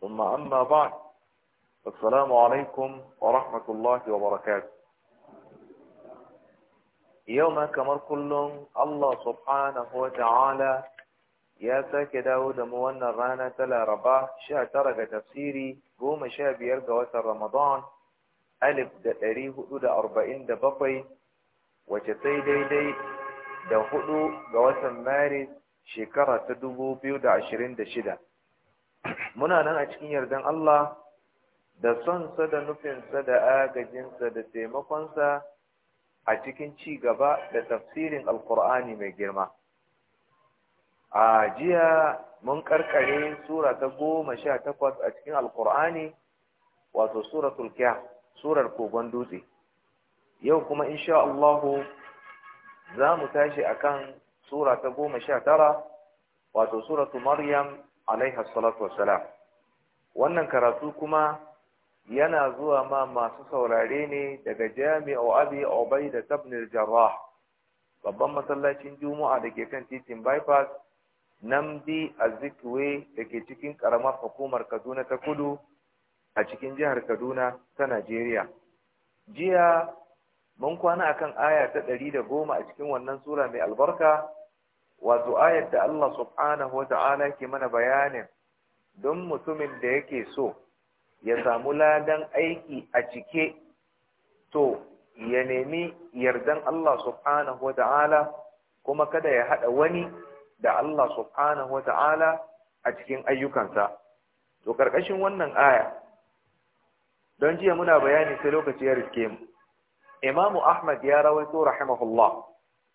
ثم أما بعد السلام عليكم ورحمة الله وبركاته يوم كمر كلهم الله سبحانه وتعالى يا ساكي داود موانا رانا تلا رباه شاء ترك تفسيري قوم شاء بيرقى رمضان ألف دائري هؤلاء أربعين دبقي وشتي دي دي دو هؤلاء مارس شكرة تدبو بيود عشرين دشده muna nan a cikin yardan Allah da sonsa da nufinsa da agajinsa da taimakonsa a cikin ci gaba da tafsirin alkur'ani mai girma a jiya mun karkare sura ta goma sha takwas a cikin alkur'ani wato suratul surar kogon dutse yau kuma insha Allahu za mu tashi akan sura ta goma sha tara wato suratu maryam alaihi salatu wassalam wannan karatu kuma yana zuwa ma masu saurare ne daga jami'u abi ubaida ibn al-jarrah babban masallacin juma'a da ke kan titin bypass namdi azikwe da ke cikin karamar hukumar kaduna ta kudu a cikin jihar kaduna ta najeriya jiya mun kwana akan aya ta ɗari da goma a cikin wannan sura mai albarka wato ayar da Allah subhanahu wa ta'ala ke mana bayanin don mutumin da yake so ya samu ladan aiki a cike to ya nemi yardan Allah subhanahu wa ta'ala kuma kada ya haɗa wani da Allah subhanahu wa ta'ala a cikin ayyukansa to ƙarƙashin wannan aya don jiya muna bayani sai lokaci ya riske mu imamu ahmad ya rawaito rahimahullah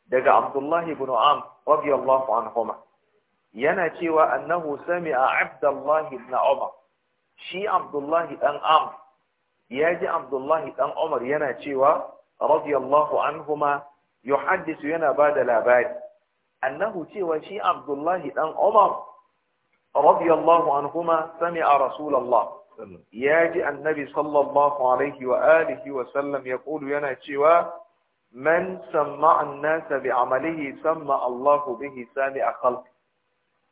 daga Abdullahi ibn Am radiyallahu anhuma yana cewa annahu sami a Abdullahi ibn Omar. shi Abdullahi dan Am ya ji Abdullahi dan Omar yana cewa radiyallahu anhuma yuhaddisu yana bada labari annahu cewa shi Abdullahi dan Umar radiyallahu anhuma a rasulallah! ya ji annabi sallallahu alaihi wa alihi wa sallam ya yana cewa man samma annasa bi amalihi samma Allahu sami a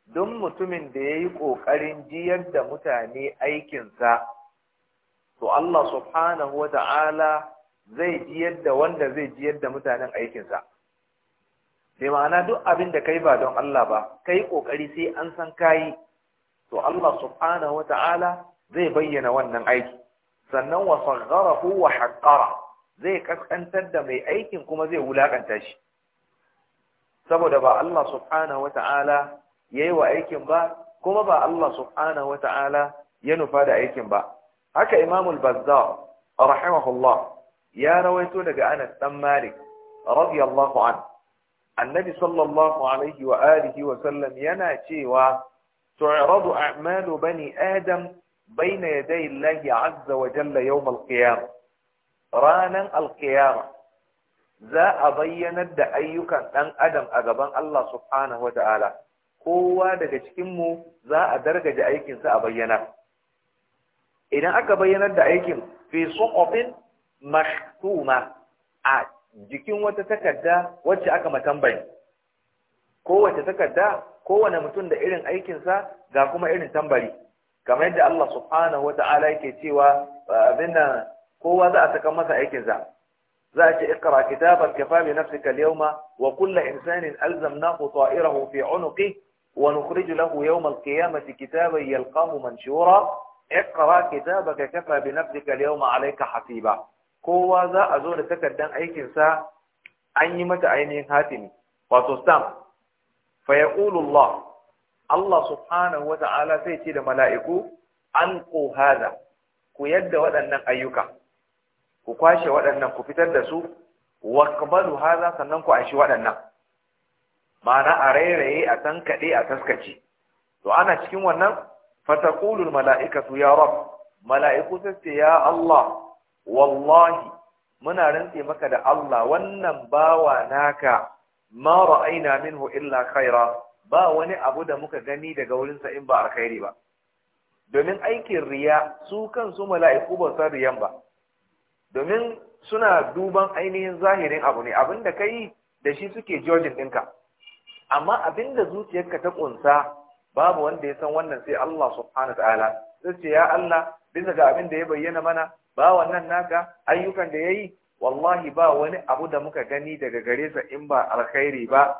don mutumin da ya yi ƙoƙarin jiyar da mutane aikinsa to Allah subhanahu wa ta'ala zai jiyar da wanda zai jiyar da mutanen aikinsa bai ma'ana duk abin da kai ba don Allah ba kai ƙoƙari sai an san kayi to Allah subhanahu wa ta'ala zai bayyana wannan aiki sannan wa sagharahu wa haqqara zai kaskantar da mai aikin kuma zai wulakanta shi saboda ba Allah subhanahu wata'ala yayi wa aikin ba kuma ba Allah subhanahu wata'ala ya nufa da aikin ba haka Imam al-Bazzar rahimahullah ya rawaito daga Anas dan Malik radiyallahu an annabi sallallahu alaihi wa alihi wa sallam yana cewa tu'radu a'malu bani adam baina yaday Allah azza wa jalla yawm al-qiyamah ranan alkiyama za a bayyanar da ayyukan ɗan adam a gaban Allah subhanahu wata'ala kowa daga cikinmu za a dargaje aikinsa a bayyana idan aka bayyanar da aikin fi suqufin mashtuma a jikin wata takarda wacce aka matambayi kowace takarda kowane mutum da irin aikinsa ga kuma irin tambari kamar yadda Allah subhanahu wata'ala yake cewa abinda kowa za a saka masa aikinsa za a ce ikra kitabar kafa bi nafsika al wa kullu insanin alzamnahu ta'irahu fi 'unuqi wa nukhriju lahu yawma al kitaban yalqahu manshura ikra kitabaka kafa bi nafsika al 'alayka hasiba kowa za a zo da takardan aikinsa an yi mata ainihin hatimi wato stamp fa yaqulu Allah Allah subhanahu wa ta'ala sai ce da mala'iku an hadha ku yadda waɗannan ayyuka ku kwashe waɗannan ku fitar da su wakbalu haza sannan ku aishi waɗannan ma'ana a rairaye a tankaɗe a taskace to ana cikin wannan fataqulul mala'ikatu ya rab mala'iku sai ya Allah wallahi muna rantse maka da Allah wannan bawa naka ma ra'ayna minhu illa khaira ba wani abu da muka gani daga wurin sa in ba alkhairi ba domin aikin riya su kansu mala'iku ba san riyan ba domin suna duban ainihin zahirin abu ne abinda da ka da shi suke jojin ɗinka amma abinda zuciyarka ta ƙunsa babu wanda ya san wannan sai Allah subhanahu ta'ala sai ce ya Allah bisa ga abin da ya bayyana mana ba wannan naka ayyukan da yayi wallahi ba wani abu da muka gani daga gare sa in ba alkhairi ba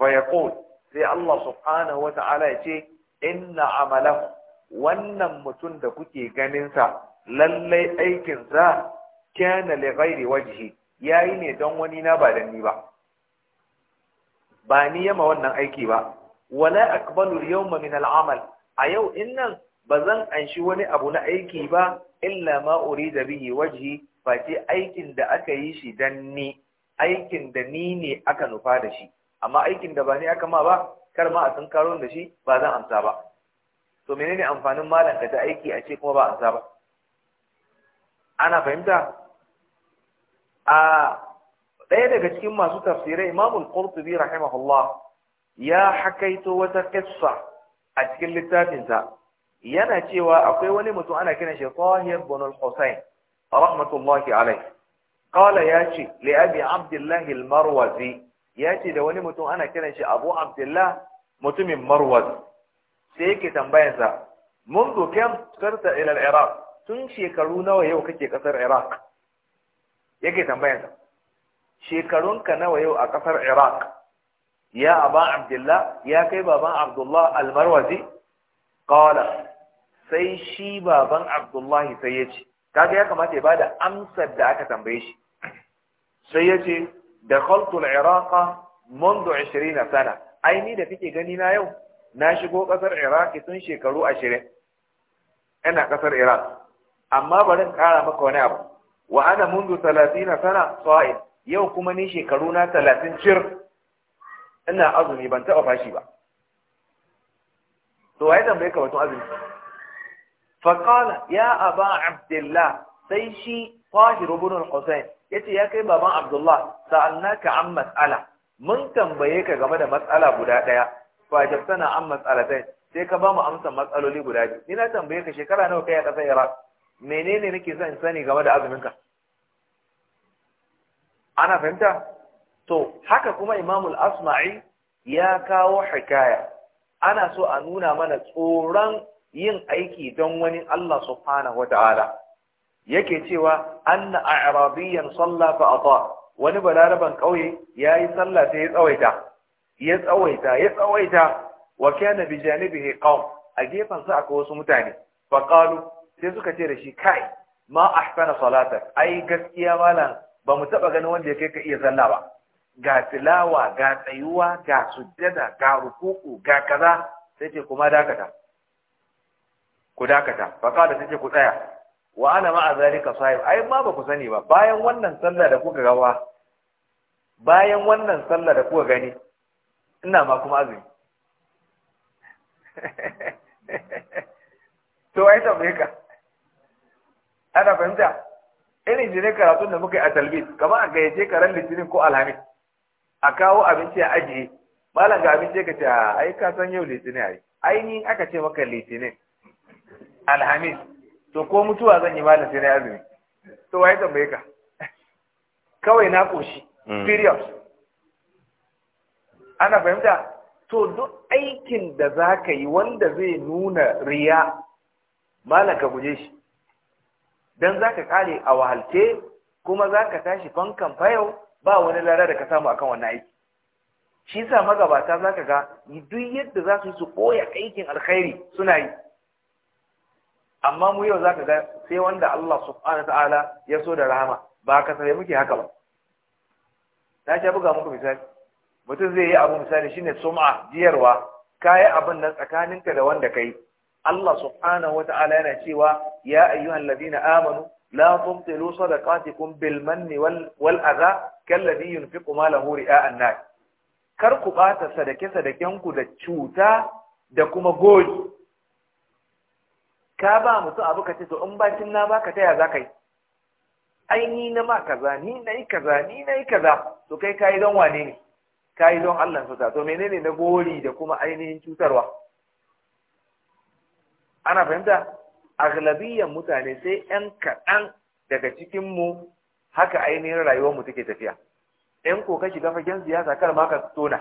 fa yaqul sai Allah subhanahu wa ta'ala ya ce inna amalahu wannan mutum da kuke ganin sa lallai aikin sa kana li ghairi wajhi yayi ne don wani na ba dan ni ba ba ni yama wannan aiki ba wala aqbalu al-yawma min al-amal a yau innan bazan anshi wani abu na aiki ba illa ma urida bihi wajhi face aikin da aka yi shi dan ni aikin da ni ne aka nufa da shi amma aikin da ba ni aka ma ba kar ma a karo da shi ba zan amsa ba to menene amfanin malam ka aiki a ce kuma ba amsa ba ana fahimta Aa, ɗaya daga cikin masu tafsirai imamul qurtubi rahimahullah ya hakaito wata kissa a cikin littafinsa yana cewa akwai wani mutum ana kiran shi Tahir bin al-Husayn rahmatullahi alayh qala yace li abi abdullah al-marwazi ce da wani mutum ana kiran shi Abu Abdullah mutumin Marwaz sai yake tambayarsa منذ كم صرت الى العراق tun shekaru nawa yau kake ƙasar Iraq yake tambayan shekarunka nawa yau a kasar iraq ya aba abdullah ya kai baban abdullah almarwazi qala sai shi baban abdullahi sai ya ce kaga ya kamata ya bada amsar da aka tambaye shi sai ya ce dakhaltu al-iraq منذ 20 sana ai ni da kike gani na yau na shigo kasar iraq tun shekaru 20 ina kasar iraq amma bari in kara maka wani abu wa ana mundu 30 sana sa'id yau kuma ni shekaru na 30 cir ina azumi ban taba fashi ba to wai bai ka wato azumi fa qala ya aba abdullah sai shi tahir ibn al-husayn yace ya kai baban abdullah sa'alnaka an mas'ala mun tambaye ka game da mas'ala guda daya fa jabtana an mas'alatain sai ka ba mu amsa matsaloli guda biyu ni na tambaye ka shekara nawa kai a kasar iraq menene nake son in sani game da azuminka ana fahimta to haka kuma imamul asma'i ya kawo hikaya ana so a nuna mana tsoron yin aiki don wani Allah subhanahu wata'ala yake cewa anna a'rabiyyan salla fa ata wani balaraban kauye yayi salla sai ya tsawaita ya tsawaita ya tsawaita wa kana bi janibihi qaum a sa akwai wasu mutane fa qalu sai suka ce da shi kai ma ahsana salata ai gaskiya malam ba mu taba ganin wanda ya kai ka iya sallah ba ga tilawa ga tsayuwa ga sujjada ga rukuku, ga kaza sai ce kuma dakata ku dakata fa kada sai ce ku tsaya wa ana ma azalika sahib ai ma ba ku sani ba bayan wannan sallah da kuka gawa bayan wannan sallah da kuka gani ina ma kuma azumi to ai ta ka ana fahimta irin jini karatun da muka yi a talbis kamar a gayyace karen litinin ko alhamis a kawo abinci a ajiye malam ga abinci ka ce ah, ai ka san yau litinin ai ainihin aka ce maka litinin alhamis to ko mutuwa zan yi malam sai na azumi to waye tambaye ka kawai na koshi hmm. period ana fahimta to duk aikin da za ka yi wanda zai nuna riya malam ka guje shi dan zaka kare a wahalce kuma zaka tashi fankan fayau ba wani lara da ka samu akan wannan aiki shi yasa magabata zaka ga duk yadda za su su koya aikin alkhairi suna yi amma mu yau zaka ga sai wanda Allah subhanahu ta'ala ya so da rahama ba ka sai muke haka ba Ta ce buga muku misali mutum zai yi abu misali shine sum'a jiyarwa kayi abin nan tsakaninka da wanda kai Allah subhanahu wata'ala yana cewa ya ayyuhan ladina amanu la tubtilu sadaqatikum bil manni wal wal adha kalladhi yunfiqu malahu ri'a nas kar ku bata sadake sadaken ku da cuta da kuma goji ka ba mutu abu ka ce to in bakin na baka taya zaka yi ai ni na ma kaza ni yi kaza ni yi kaza to kai kai don wane ne kai don Allah su to menene na gori da kuma ainihin cutarwa ana fahimta aglabiyan mutane sai yan kaɗan daga cikin mu haka ainihin rayuwar mu take tafiya Yan ko ka shiga fagen siyasa kar ma ka tona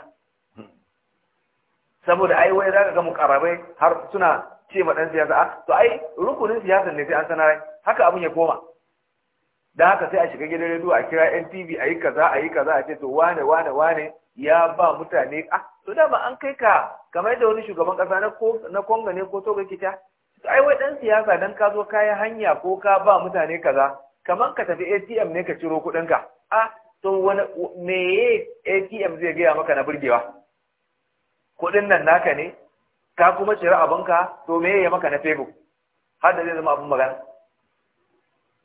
saboda ai wai zaka ga mukarrabai har suna ce ma ɗan siyasa a ah, to ai rukunin siyasa ne sai an sanar haka abun ya koma Da haka sai a shiga gidan rediyo a kira NTV a yi kaza a yi kaza a ce to wane wane wane ya ba mutane a ah, to dama an kai ka kamar yadda wani shugaban kasa na konga ne ko Togo kita ai wai dan siyasa dan ka zo yi hanya ko ka ba mutane kaza kamar ka tafi ATM ne ka ciro kuɗin ka a to wani meye ATM zai gaya maka na burgewa kuɗin nan naka ne ka kuma cira ka to meye ya maka na fego har da zai zama abin magana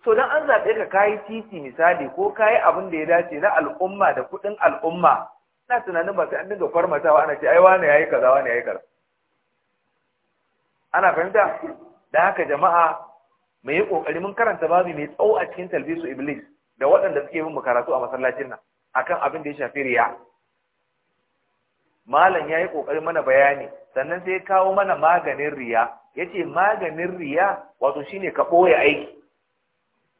to dan an zaɓe ka kayi titi misali ko kayi abin da ya dace na al'umma da kuɗin al'umma na tunanin ba sai an dinga farmatawa ana ce ai wane yayi kaza wane yayi kaza ana fahimta da haka jama'a mai yi kokari mun karanta babu mai tsawo a cikin talbisu iblis da waɗanda suke bin karatu a masallacin nan akan abin da ya shafi riya malam ya yi kokari mana bayani sannan sai ya kawo mana maganin riya ya ce maganin riya wato shine ka ɓoye aiki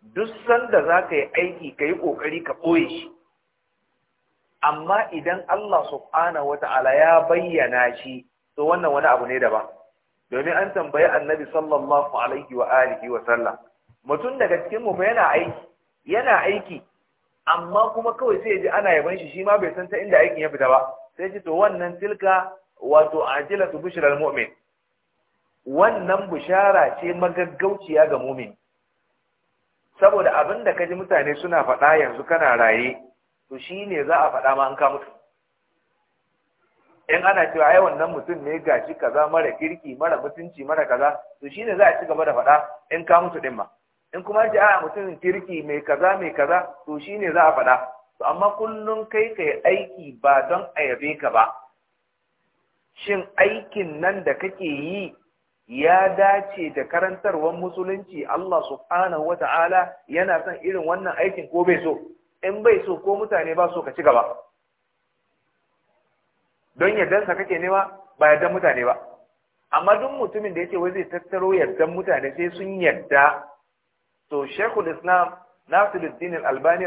duk sanda za ka yi aiki ka yi ƙoƙari ka ɓoye shi amma idan Allah subhanahu Ta'ala ya bayyana shi to wannan wani abu ne daban domin an tambayi annabi sallallahu alaihi wa alihi wa sallam mutum daga cikin mu fa yana aiki yana aiki amma kuma kawai sai ya ji ana yaban shi shi ma bai san ta inda aikin ya fita ba sai ji to wannan tilka wato ajilatu bushral mu'min wannan bushara ce magaggauciya ga mu'min saboda abin da kaji mutane suna faɗa yanzu kana raye to shine za a faɗa ma an ka mutu in ana cewa ai wannan mutum ne gashi kaza mara kirki mara mutunci mara kaza to shine za a ci gaba da faɗa in ka mutu din in kuma ji a mutum kirki mai kaza mai kaza to shine za a faɗa to amma kullun kai kai aiki ba don a yabe ka ba shin aikin nan da kake yi ya dace da karantarwar musulunci Allah subhanahu wata'ala yana son irin wannan aikin ko bai so in bai so ko mutane ba so ka ci gaba don yardansa kake nema ba yardan mutane ba amma duk mutumin da ya yake wai zai tattaro yardan mutane sai sun yarda to shekul islam nasiruddin al-albani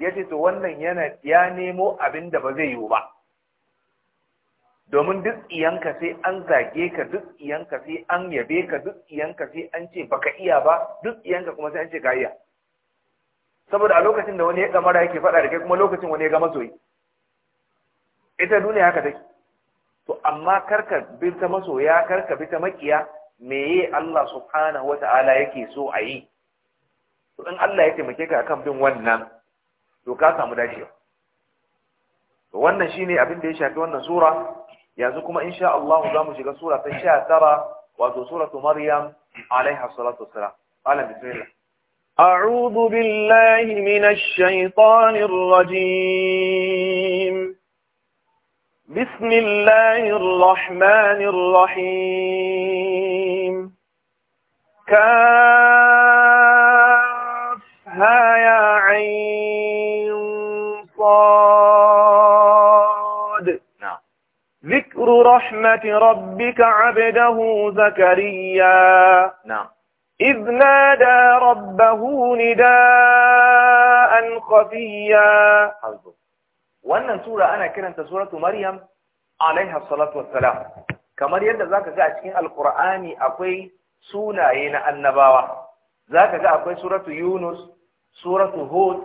ya ce to wannan yana ya nemo abin da ba zai yiwu ba domin duk iyanka sai an zage ka duk iyanka sai an yabe ka duk iyanka sai an ce baka iya ba duk iyanka kuma sai an ce ka iya saboda a lokacin da wani ya kamara yake faɗa da kai kuma lokacin wani ya ga masoyi ita duniya haka take to amma karka bi ta masoya karka bi ta makiya meye Allah subhanahu wata'ala yake so a yi to in Allah ya taimake ka akan bin wannan to ka samu dacewa to wannan shine abin da ya shafi wannan sura yanzu kuma insha Allah za mu shiga sura ta 19 wato suratu Maryam alaiha salatu wassalam alam bismillah أعوذ بالله من الشيطان الرجيم بسم الله الرحمن الرحيم كافها يا عين صاد نعم. ذكر رحمة ربك عبده زكريا نعم إذ نادى ربه نداء خفيا حظه wannan sura ana kiranta suratu maryam alaiha salatu wassalam kamar yadda zaka ga a cikin alqur'ani akwai sunaye na annabawa zaka ga akwai suratu yunus suratu hud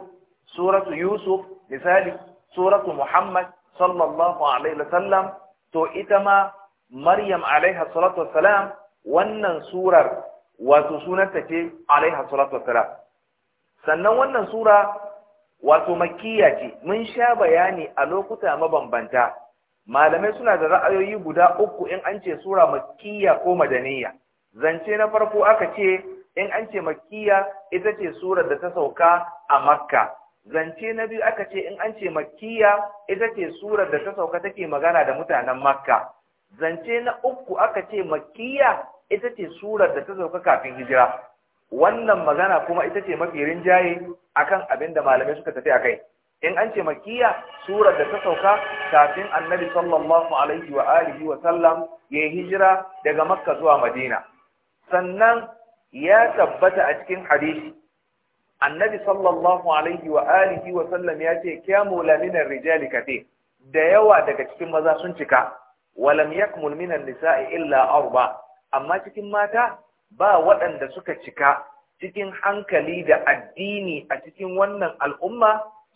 suratu yusuf misali suratu muhammad sallallahu alaihi wasallam to ita ma maryam alaiha salatu wassalam wannan surar wato sunanta ce alaiha salatu wassalam sannan wannan sura wato makiyya ce mun sha bayani a lokuta mabambanta malamai suna da ra'ayoyi guda uku in an ce sura makiyya ko madaniya zance na farko aka ce in an ce makiyya ita ce surar da ta sauka a makka zance na biyu aka ce in an ce makiyya ita ce surar da ta sauka take magana da mutanen makka zance na uku aka ce makiyya ita ce surar da ta sauka kafin hijira wannan magana kuma ita ce mafi rinjaye akan abin da malamai suka tafi akai in an ce makiya surar da ta sauka kafin annabi sallallahu alaihi wa alihi wa sallam ya hijira daga makka zuwa madina sannan ya tabbata a cikin hadisi annabi sallallahu alaihi wa alihi wa sallam ya ce kyamu laminar rijali kafe da yawa daga cikin maza sun cika walam yakmul minan nisa'i illa arba amma cikin mata ba waɗanda suka cika cikin hankali da addini a cikin wannan al'umma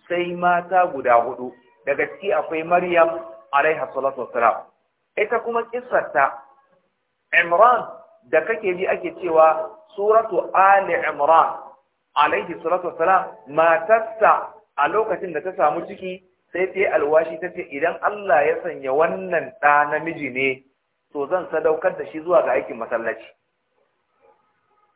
sai mata guda hudu daga ciki akwai Maryam alaiha salatu wassalam ita kuma kissarta Imran da kake ji ake cewa suratu Ali Imran alaihi salatu wassalam matarsa a lokacin da ta samu ciki sai ta yi alwashi ta ce idan Allah ya sanya wannan ɗa namiji ne to zan sadaukar da shi zuwa ga aikin masallaci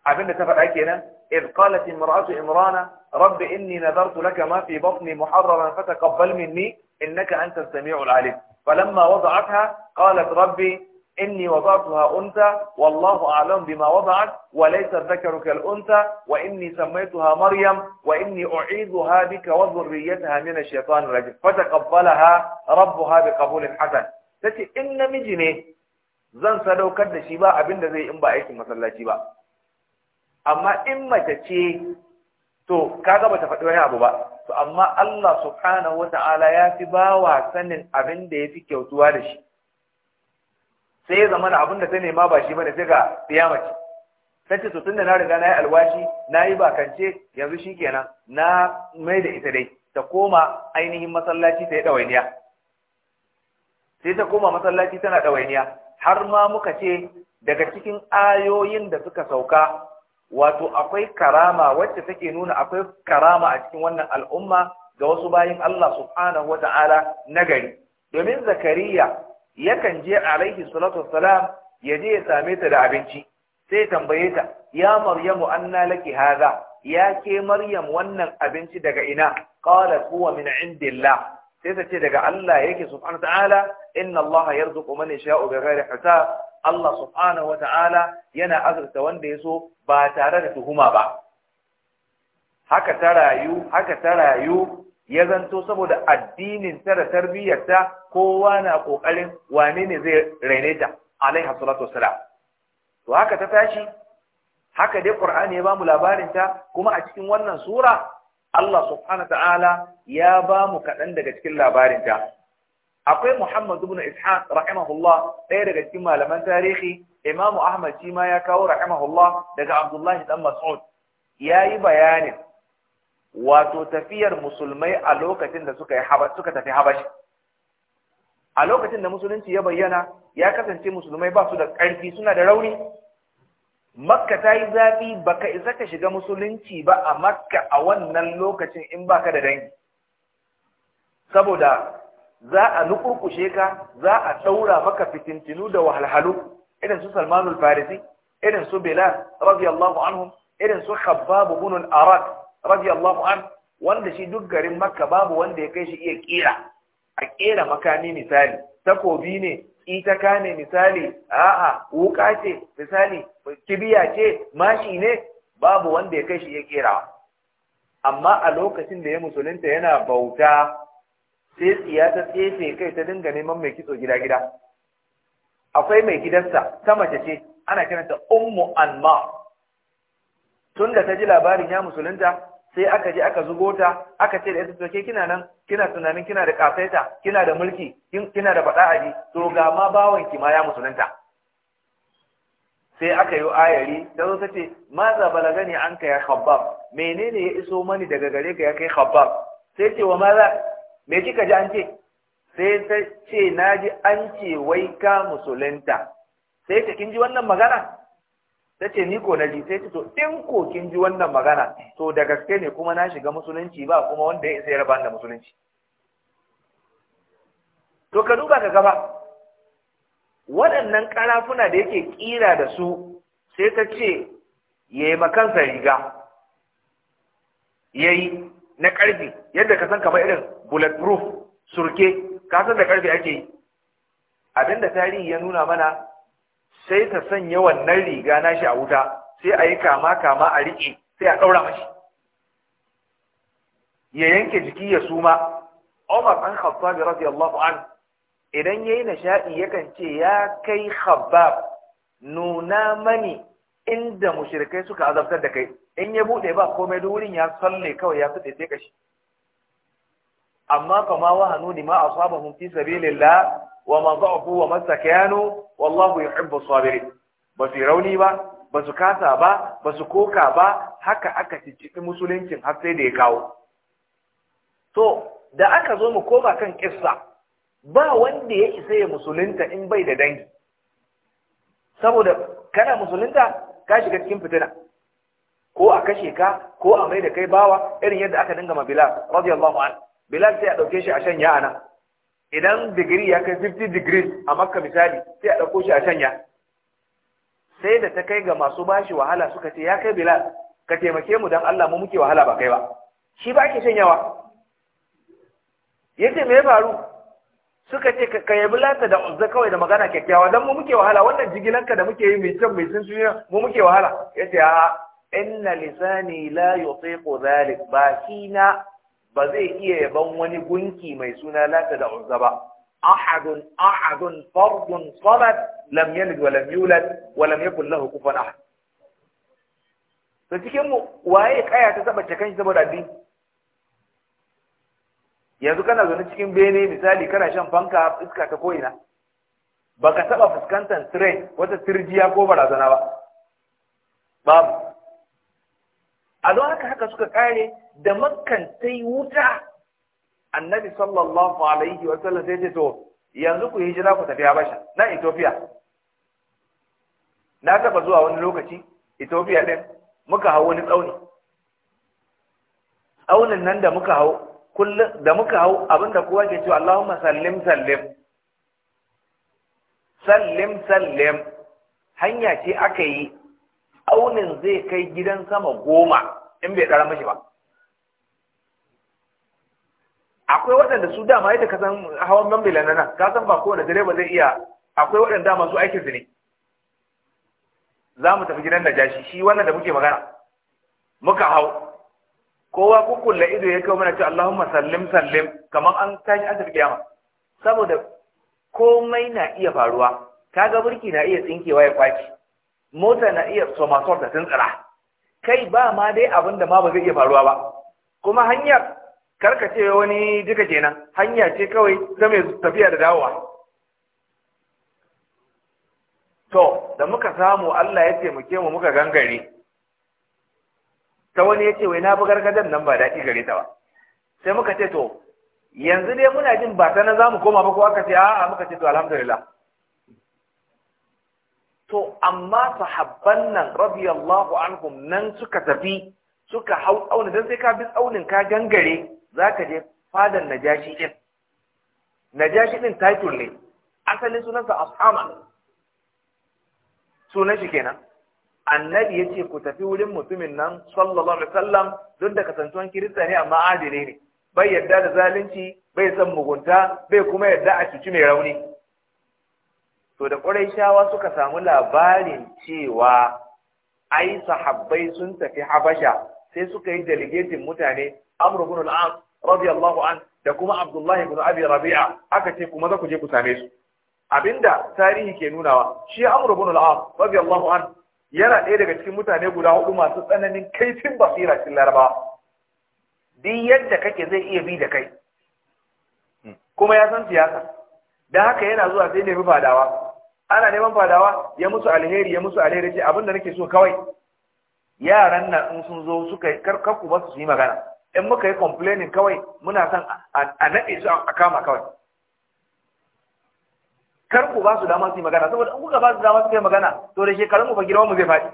abinda ta faɗa kenan إذ قالت امرأة إمرانة رب إني نذرت لك ما في بطني محررا فتقبل مني إنك أنت السميع العليم فلما وضعتها قالت ربي إني وضعتها أنثى والله أعلم بما وضعت وليس الذكر كالأنثى وإني سميتها مريم وإني أعيذها بك وذريتها من الشيطان الرجيم فتقبلها ربها بقبول حسن تتي إن مجني زن سدوكر دشيبا أبن ذي إنبا أيش مثلا با amma in mace ce to kaga bata faɗi wani abu ba to amma Allah subhanahu wata'ala ya fi bawa sanin abin da ya kyautuwa da shi sai ya zama abin da ta nema ba shi bane sai ga mace. ta ce to tunda na riga na yi alwashi na yi bakance yanzu shi kenan na mai da ita dai ta koma ainihin masallaci ta yi sai ta koma masallaci tana ɗawainiya har ma muka ce daga cikin ayoyin da suka sauka wato akwai karama wacce take nuna akwai karama a cikin wannan al'umma ga wasu bayin Allah subhanahu wata'ala nagari domin zakariya yakan je alaihi salatu wassalam ya je ya same ta da abinci sai tambaye ta ya maryamu anna laki hadha ya ke maryam wannan abinci daga ina qalat huwa min indillah sai ta ce daga Allah yake subhanahu wata'ala inna Allah yarzuqu man yasha'u bighairi hisab Allah subhanahu wata'ala yana azurta wanda ya so ba tare da tuhuma ba haka ta rayu haka ta rayu ya zanto saboda addinin ta da tarbiyyarta kowa na ƙoƙarin wane ne zai raine ta alaiha salatu wassalam to haka ta tashi haka dai ƙur'ani ya bamu labarin ta kuma a cikin wannan sura Allah subhanahu ta'ala ya bamu kaɗan daga cikin labarin ta akwai Muhammad ibn Ishaq rahimahullah ɗaya daga cikin malaman tarihi Imam Ahmad shi ma ya kawo rahimahullah daga Abdullahi dan Mas'ud yayi bayanin wato tafiyar musulmai a lokacin da suka suka tafi Habashi a lokacin da musulunci ya bayyana ya kasance musulmai ba su da ƙarfi suna da rauni Makka ta yi zafi baka isa ka shiga musulunci ba a Makka a wannan lokacin in baka da dangi saboda za a nukurkushe ka za a ɗaura maka fitintinu da wahalhalu irin su salmanul farisi irin su bilal radiyallahu irin su khabbab ibn al-arad radiyallahu an wanda shi duk garin makka babu wanda ya kai shi iya kira a kera makami misali takobi ne itaka ne misali a'a wuka ce misali kibiya ce mashi ne babu wanda ya kai shi iya kerawa amma a lokacin da ya musulunta yana bauta sai tsiya ta tsefe kai ta dinga neman mai kitso gida gida akwai mai gidansa ta mace ce ana kiranta ummu anma tun da ta ji labarin ya musulunta sai aka je aka zugo ta aka ce da ita kina nan kina tunanin kina da kafaita kina da mulki kina da faɗa aji to ga ma bawon ki ma ya musulunta sai aka yi ayari ta zo ta ce ma za gani an ka ya khabbab menene ya iso mani daga gare ka ya kai khabbab sai ce wa ma za me kika ji an ce sai ta ce na ji an ce wai ka musulunta sai ta kin ji wannan magana ta ce ni ko na ji sai ta to in ko kin ji wannan magana to da gaske ne kuma na shiga musulunci ba kuma wanda ya isa ya da musulunci to ka duba ka gaba waɗannan karafuna da yake ƙira da su sai ta ce ya yi makansa riga ya yi na ƙarfi yadda ka san kamar irin bulletproof surke kasan da karfe ake yi abinda tarihi ya nuna mana sai ta sanya wannan riga nashi a wuta sai a yi kama kama a riƙe sai a ɗaura mashi ya yanke jiki ya suma Umar an Khattabi radiyallahu an idan ya yayi nishaɗi yakan ce ya kai habab. nuna mani inda mushrikai suka azabtar da kai in ya buɗe ba komai da wurin ya salle kawai ya fitse sai kashi amma kama wahanu lima asabahum fi sabilillah wa ma dha'fu wa mastakanu wallahu yuhibbu sabirin ba rauni ba basu kasa ba basu koka ba haka aka cicciɓi musuluncin har sai da ya kawo to da aka zo mu koma kan kissa ba wanda ya isa ya musulunta in bai da dangi saboda kana musulunta ka shiga cikin fitina ko a kashe ka ko a mai da kai bawa irin yadda aka dinga mabila radiyallahu anhu bilal sai a ɗauke shi a shanya a nan idan digiri ya kai 50 degrees a makka misali sai a ɗauko shi a shanya sai da ta kai ga masu bashi wahala suka ce ya kai bilal ka taimake mu don allah mu muke wahala ba kai ba shi ba ke shanyawa ya ce me ya faru suka ce ka yi lata da uzza kawai da magana kyakkyawa don mu muke wahala wannan jigilanka da muke yi mai can mai sun suna mu muke wahala ya ce a inna lisani la yutiqu zalik bakina ba zai iya yaban wani gunki mai suna lata da uzza ba ahadun ahadun fardun samad lam yalid wa lam yulad wa lam yakul lahu kufuwan ahad to cikin mu waye kaya ta saba cikin saboda din yanzu kana zo cikin bene misali kana shan fanka iska ta ko'ina baka saba fuskantar train wata sirjiya ko barazana ba babu a don haka haka suka kare da makkan ta yi wuta annabi sallallahu alaihi wa sallam sai ce to yanzu ku hijira ku tafi habasha na ethiopia na taba zuwa wani lokaci ethiopia din muka hau wani tsauni tsaunin nan da muka hau kullu da muka hau abinda kowa ke cewa Allahumma sallim sallim sallim sallim hanya ce aka yi aunin zai kai gidan sama goma in bai ɗara mashi ba akwai waɗanda su dama yadda ka san hawan bambila na nan ka san ba kowane direba zai iya akwai waɗanda masu aikin su ne za mu tafi gidan da jashi, shi wannan da muke magana muka hau kowa kukkulla ido ya kawo mana ce Allahumma sallim sallim kamar an tashi an tafi kiyama saboda komai na iya faruwa kaga burki na iya tsinkewa ya kwaci mota na iya somasol tun tuntsira kai ba ma dai abin da ma ba zai iya faruwa ba kuma hanyar karkace wani duka kenan hanya ce kawai ta mai tafiya da dawowa to da muka samu Allah ya muke mu muka gangare ta wani ya ce wai na bugar gadon nan ba daɗi gare ta ba sai muka ce to yanzu dai muna jin ba ta nan za mu koma ba ko aka ce a'a muka ce to alhamdulillah to amma sahabban nan radiyallahu anhum nan suka tafi suka hau tsaunin don sai ka bi tsaunin ka gangare za ka je fadan najashi ɗin najashi ɗin title ne asalin sunansa ashama sunan shi kenan annabi ya ce ku tafi wurin mutumin nan sallallahu alaihi wasallam duk da kasantuwan kirista ne amma adile ne bai yarda da zalunci bai san mugunta bai kuma yarda a cuci mai rauni to da ƙuraishawa suka samu labarin cewa ai sahabbai sun tafi habasha sai suka yi delegating mutane amr bin al'am radiyallahu an da kuma abdullahi bin abi rabi'a aka ce kuma za ku je ku same su abinda tarihi ke nunawa shi amr bin al'am radiyallahu an yana ɗaya daga cikin mutane guda hudu masu tsananin kaifin basira cikin laraba duk yadda kake zai iya bi da kai hmm. kuma ya san siyasa Dan haka yana zuwa sai ne fi fadawa ana neman fadawa ya musu alheri ya musu alheri ce abinda nake so kawai yaran nan in sun zo suka karkaku ba su yi magana in muka yi complaining kawai muna son a nade su a kama kawai karku ba su dama su yi magana saboda in kuka ba su dama su yi magana to da shekarun mu ba girman mu zai faɗi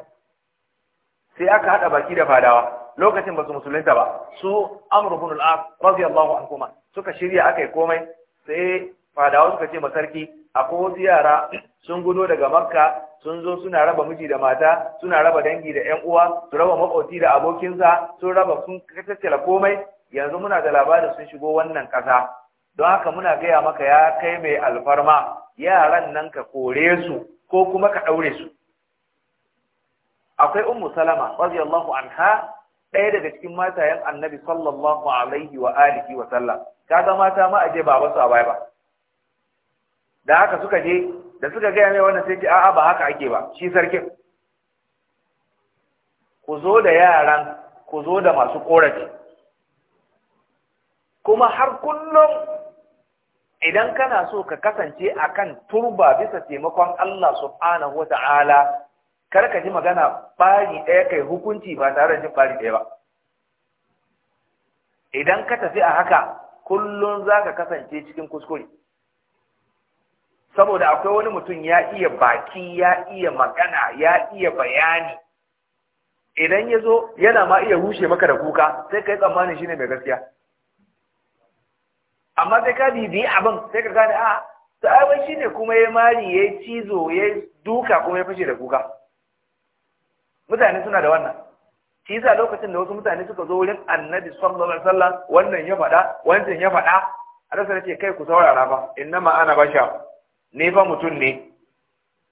sai aka haɗa baki da fadawa lokacin ba su musulunta ba su amru bin al-as radiyallahu anhu suka shirya aka yi komai sai fadawa suka ce ma sarki akwai wasu yara sun gudo daga makka sun zo suna raba miji da mata suna raba dangi da yan uwa su raba makoci da abokinsa sun raba sun tattala komai yanzu muna da labarin sun shigo wannan ƙasa don haka muna gaya maka ya kai mai alfarma yaran nan ka kore su ko kuma ka ɗaure su akwai ummu salama radiyallahu anha ɗaya daga cikin matayen annabi sallallahu alaihi wa alihi wa sallam kaga mata ma aje baba su a baya ba da haka suka je da suka gaya mai wannan sai ce a'a ba haka ake ba shi sarkin ku zo da yaran ku zo da masu korafi kuma har kullum idan kana so ka kasance akan turba bisa taimakon Allah subhanahu wa ta'ala kar ka ji magana bari ɗaya kai hukunci ba tare da jin bari ɗaya ba idan ka tafi a haka kullum za ka kasance cikin kuskure saboda akwai wani mutum ya iya baki ya iya magana ya iya bayani idan ya zo yana ma iya rushe maka da kuka sai ka yi tsammanin shi ne mai gaskiya amma sai ka bibi abin sai ka gane a sa'abai shi ne kuma ya mari ya cizo ya duka kuma ya fashe da kuka mutane suna da wannan shi sa lokacin da wasu mutane suka zo wurin annabi sallallahu alaihi wasallam wannan ya faɗa wancan ya faɗa a rasa ce kai ku saurara ba Inna ma ana bashar ne fa mutum ne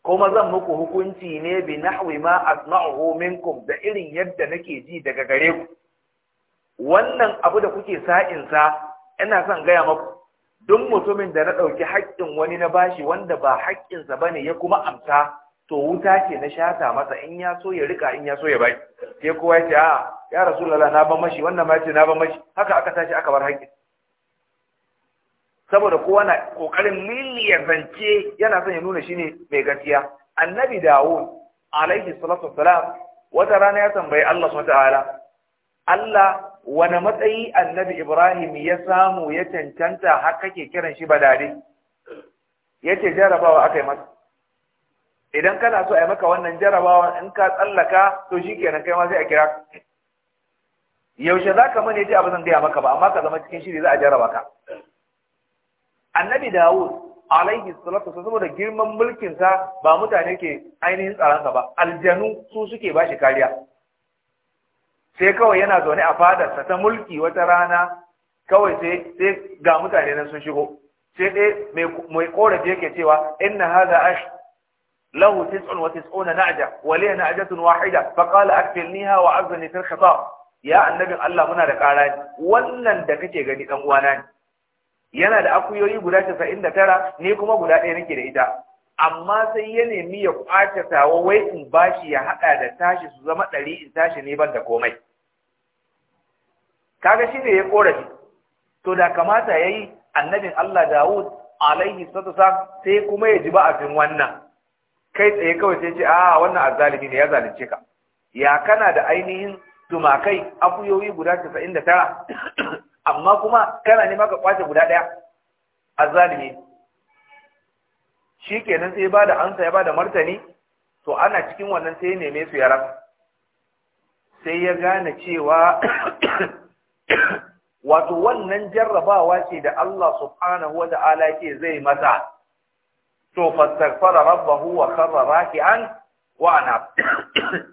kuma zan muku hukunci ne bi nahwi ma asma'uhu minkum da irin yadda nake ji daga gare ku wannan abu da kuke sa'in sa ina son gaya maku duk mutumin da na ɗauki haƙƙin wani na bashi wanda ba haƙƙinsa ba ne ya kuma amsa to wuta ce na shata masa in ya so ya rika in ya so ya bai sai kowa ya ce a ya rasulullah na ban mashi wannan ma ce na ban mashi haka aka tashi aka bar haƙƙin saboda kowa na kokarin miliyan zance yana son ya nuna shine mai gaskiya annabi dawud alaihi salatu wassalam wata rana ya tambayi Allah subhanahu ta'ala Allah wani matsayi annabi Ibrahim ya samu ya cancanta har kake kiran shi Ya yace jarabawa akai masa idan kana so a yi maka wannan jarabawa in ka tsallaka to shikenan kai ma sai a kira yaushe za ka mane ji abu zan gaya maka ba amma ka zama cikin shiri za a jaraba ka annabi dawud alaihi salatu saboda girman mulkinsa ba mutane ke ainihin tsaronsa ba aljanu su suke bashi shi kariya sai kawai yana zaune a fadarsa ta mulki wata rana kawai sai sai ga mutane nan sun shigo sai dai mai korafi yake cewa inna hadha ash lahu tis'un wa tis'una na'ja wa li na'jatun wahida fa qala akfilniha wa azzani fil khitab ya annabin Allah muna da ƙara ne wannan da kake gani dan uwana ne yana da akuyoyi guda casa'in da tara ne kuma guda ɗaya nake da ita amma sai ya nemi ya kwace tawa wai in bashi ya haɗa da tashi su zama ɗari in tashi ne ban da komai kaga shi ne ya korafi to da kamata ya yi annabin Allah Dawud alaihi sa sai kuma ya ji ba'afin wannan kai tsaye kawai sai ce a wannan azzalimi ne ya zalunce ka ya kana da ainihin tumakai akuyoyi guda casa'in da tara amma kuma kana ne ka kwace guda ɗaya azzalimi shikenan sai ba da ansa ya ba da martani to ana cikin wannan sai ya neme su ya sai ya gane cewa wato wannan jarrabawa ce da Allah subhanahu wa ta'ala yake zai mata to fastaghfara rabbahu wa kharra raki'an wa ana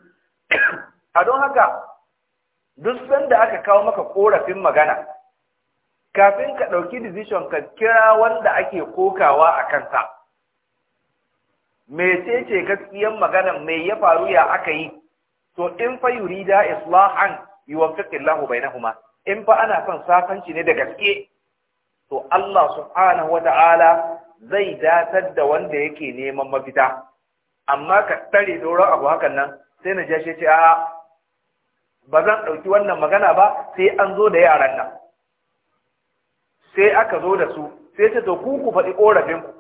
a don haka duk sanda aka kawo maka korafin magana kafin ka ɗauki decision ka kira wanda ake kokawa a kansa mai ce ce gaskiyan magana mai ya faru ya aka yi to in fa yurida islahan yuwaffiqillahu bainahuma in fa ana son safanci ne da gaske to Allah subhanahu wata'ala zai datar da wanda yake neman mafita amma ka tare doron abu hakan nan sai na jashe ce a ba zan ɗauki wannan magana ba sai an zo da yaran nan sai aka zo da su sai ta ku ku faɗi korafin ku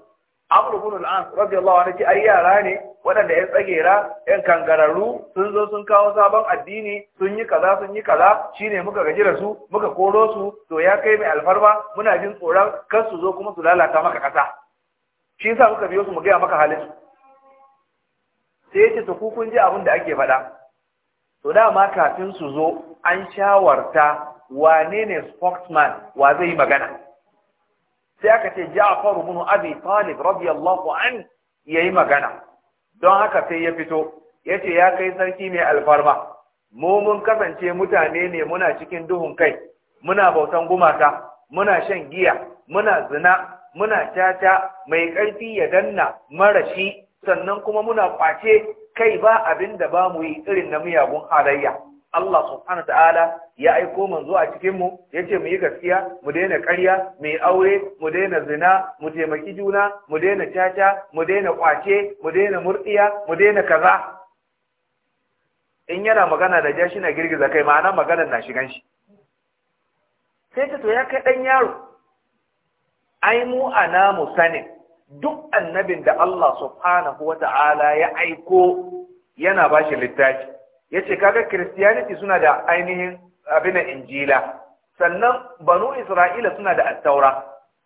Amr ibn al an radiyallahu anhu ai yara ne waɗanda yan tsagera ƴan kangararru sun zo sun kawo sabon addini sun yi kaza sun yi kaza shine muka gaji da su muka koro su to ya kai mai alfarma muna jin tsoron kan su zo kuma su lalata maka kasa shi yasa muka biyo su mu gaya maka halin su sai ta to kun ji abin da ake faɗa to dama kafin su zo an shawarta wane ne spokesman wa zai yi magana sai aka ce Ja'far ibn Abi Talib radiyallahu an yayi magana don haka sai ya fito yace ya kai sarki mai alfarma mu mun kasance mutane ne muna cikin duhun kai muna bautan gumaka muna shan giya muna zina muna tata mai ƙarfi ya danna marashi sannan kuma muna kwace kai ba abin da ba mu yi irin na miyagun halayya Allah subhanahu ta'ala ya aiko manzo a cikin mu yace mu yi gaskiya mu daina ƙarya mu yi aure mu daina zina mu taimaki juna mu daina caca mu daina kwace mu daina murdiya mu daina kaza in yana magana da jashi na girgiza kai ma'ana magana na shigan shi sai ta to ya kai dan yaro ai mu ana mu sanin duk annabin da Allah subhanahu wa ya aiko yana bashi littafi ya ce kaga christianity suna da ainihin abin injila sannan banu isra'ila suna da attaura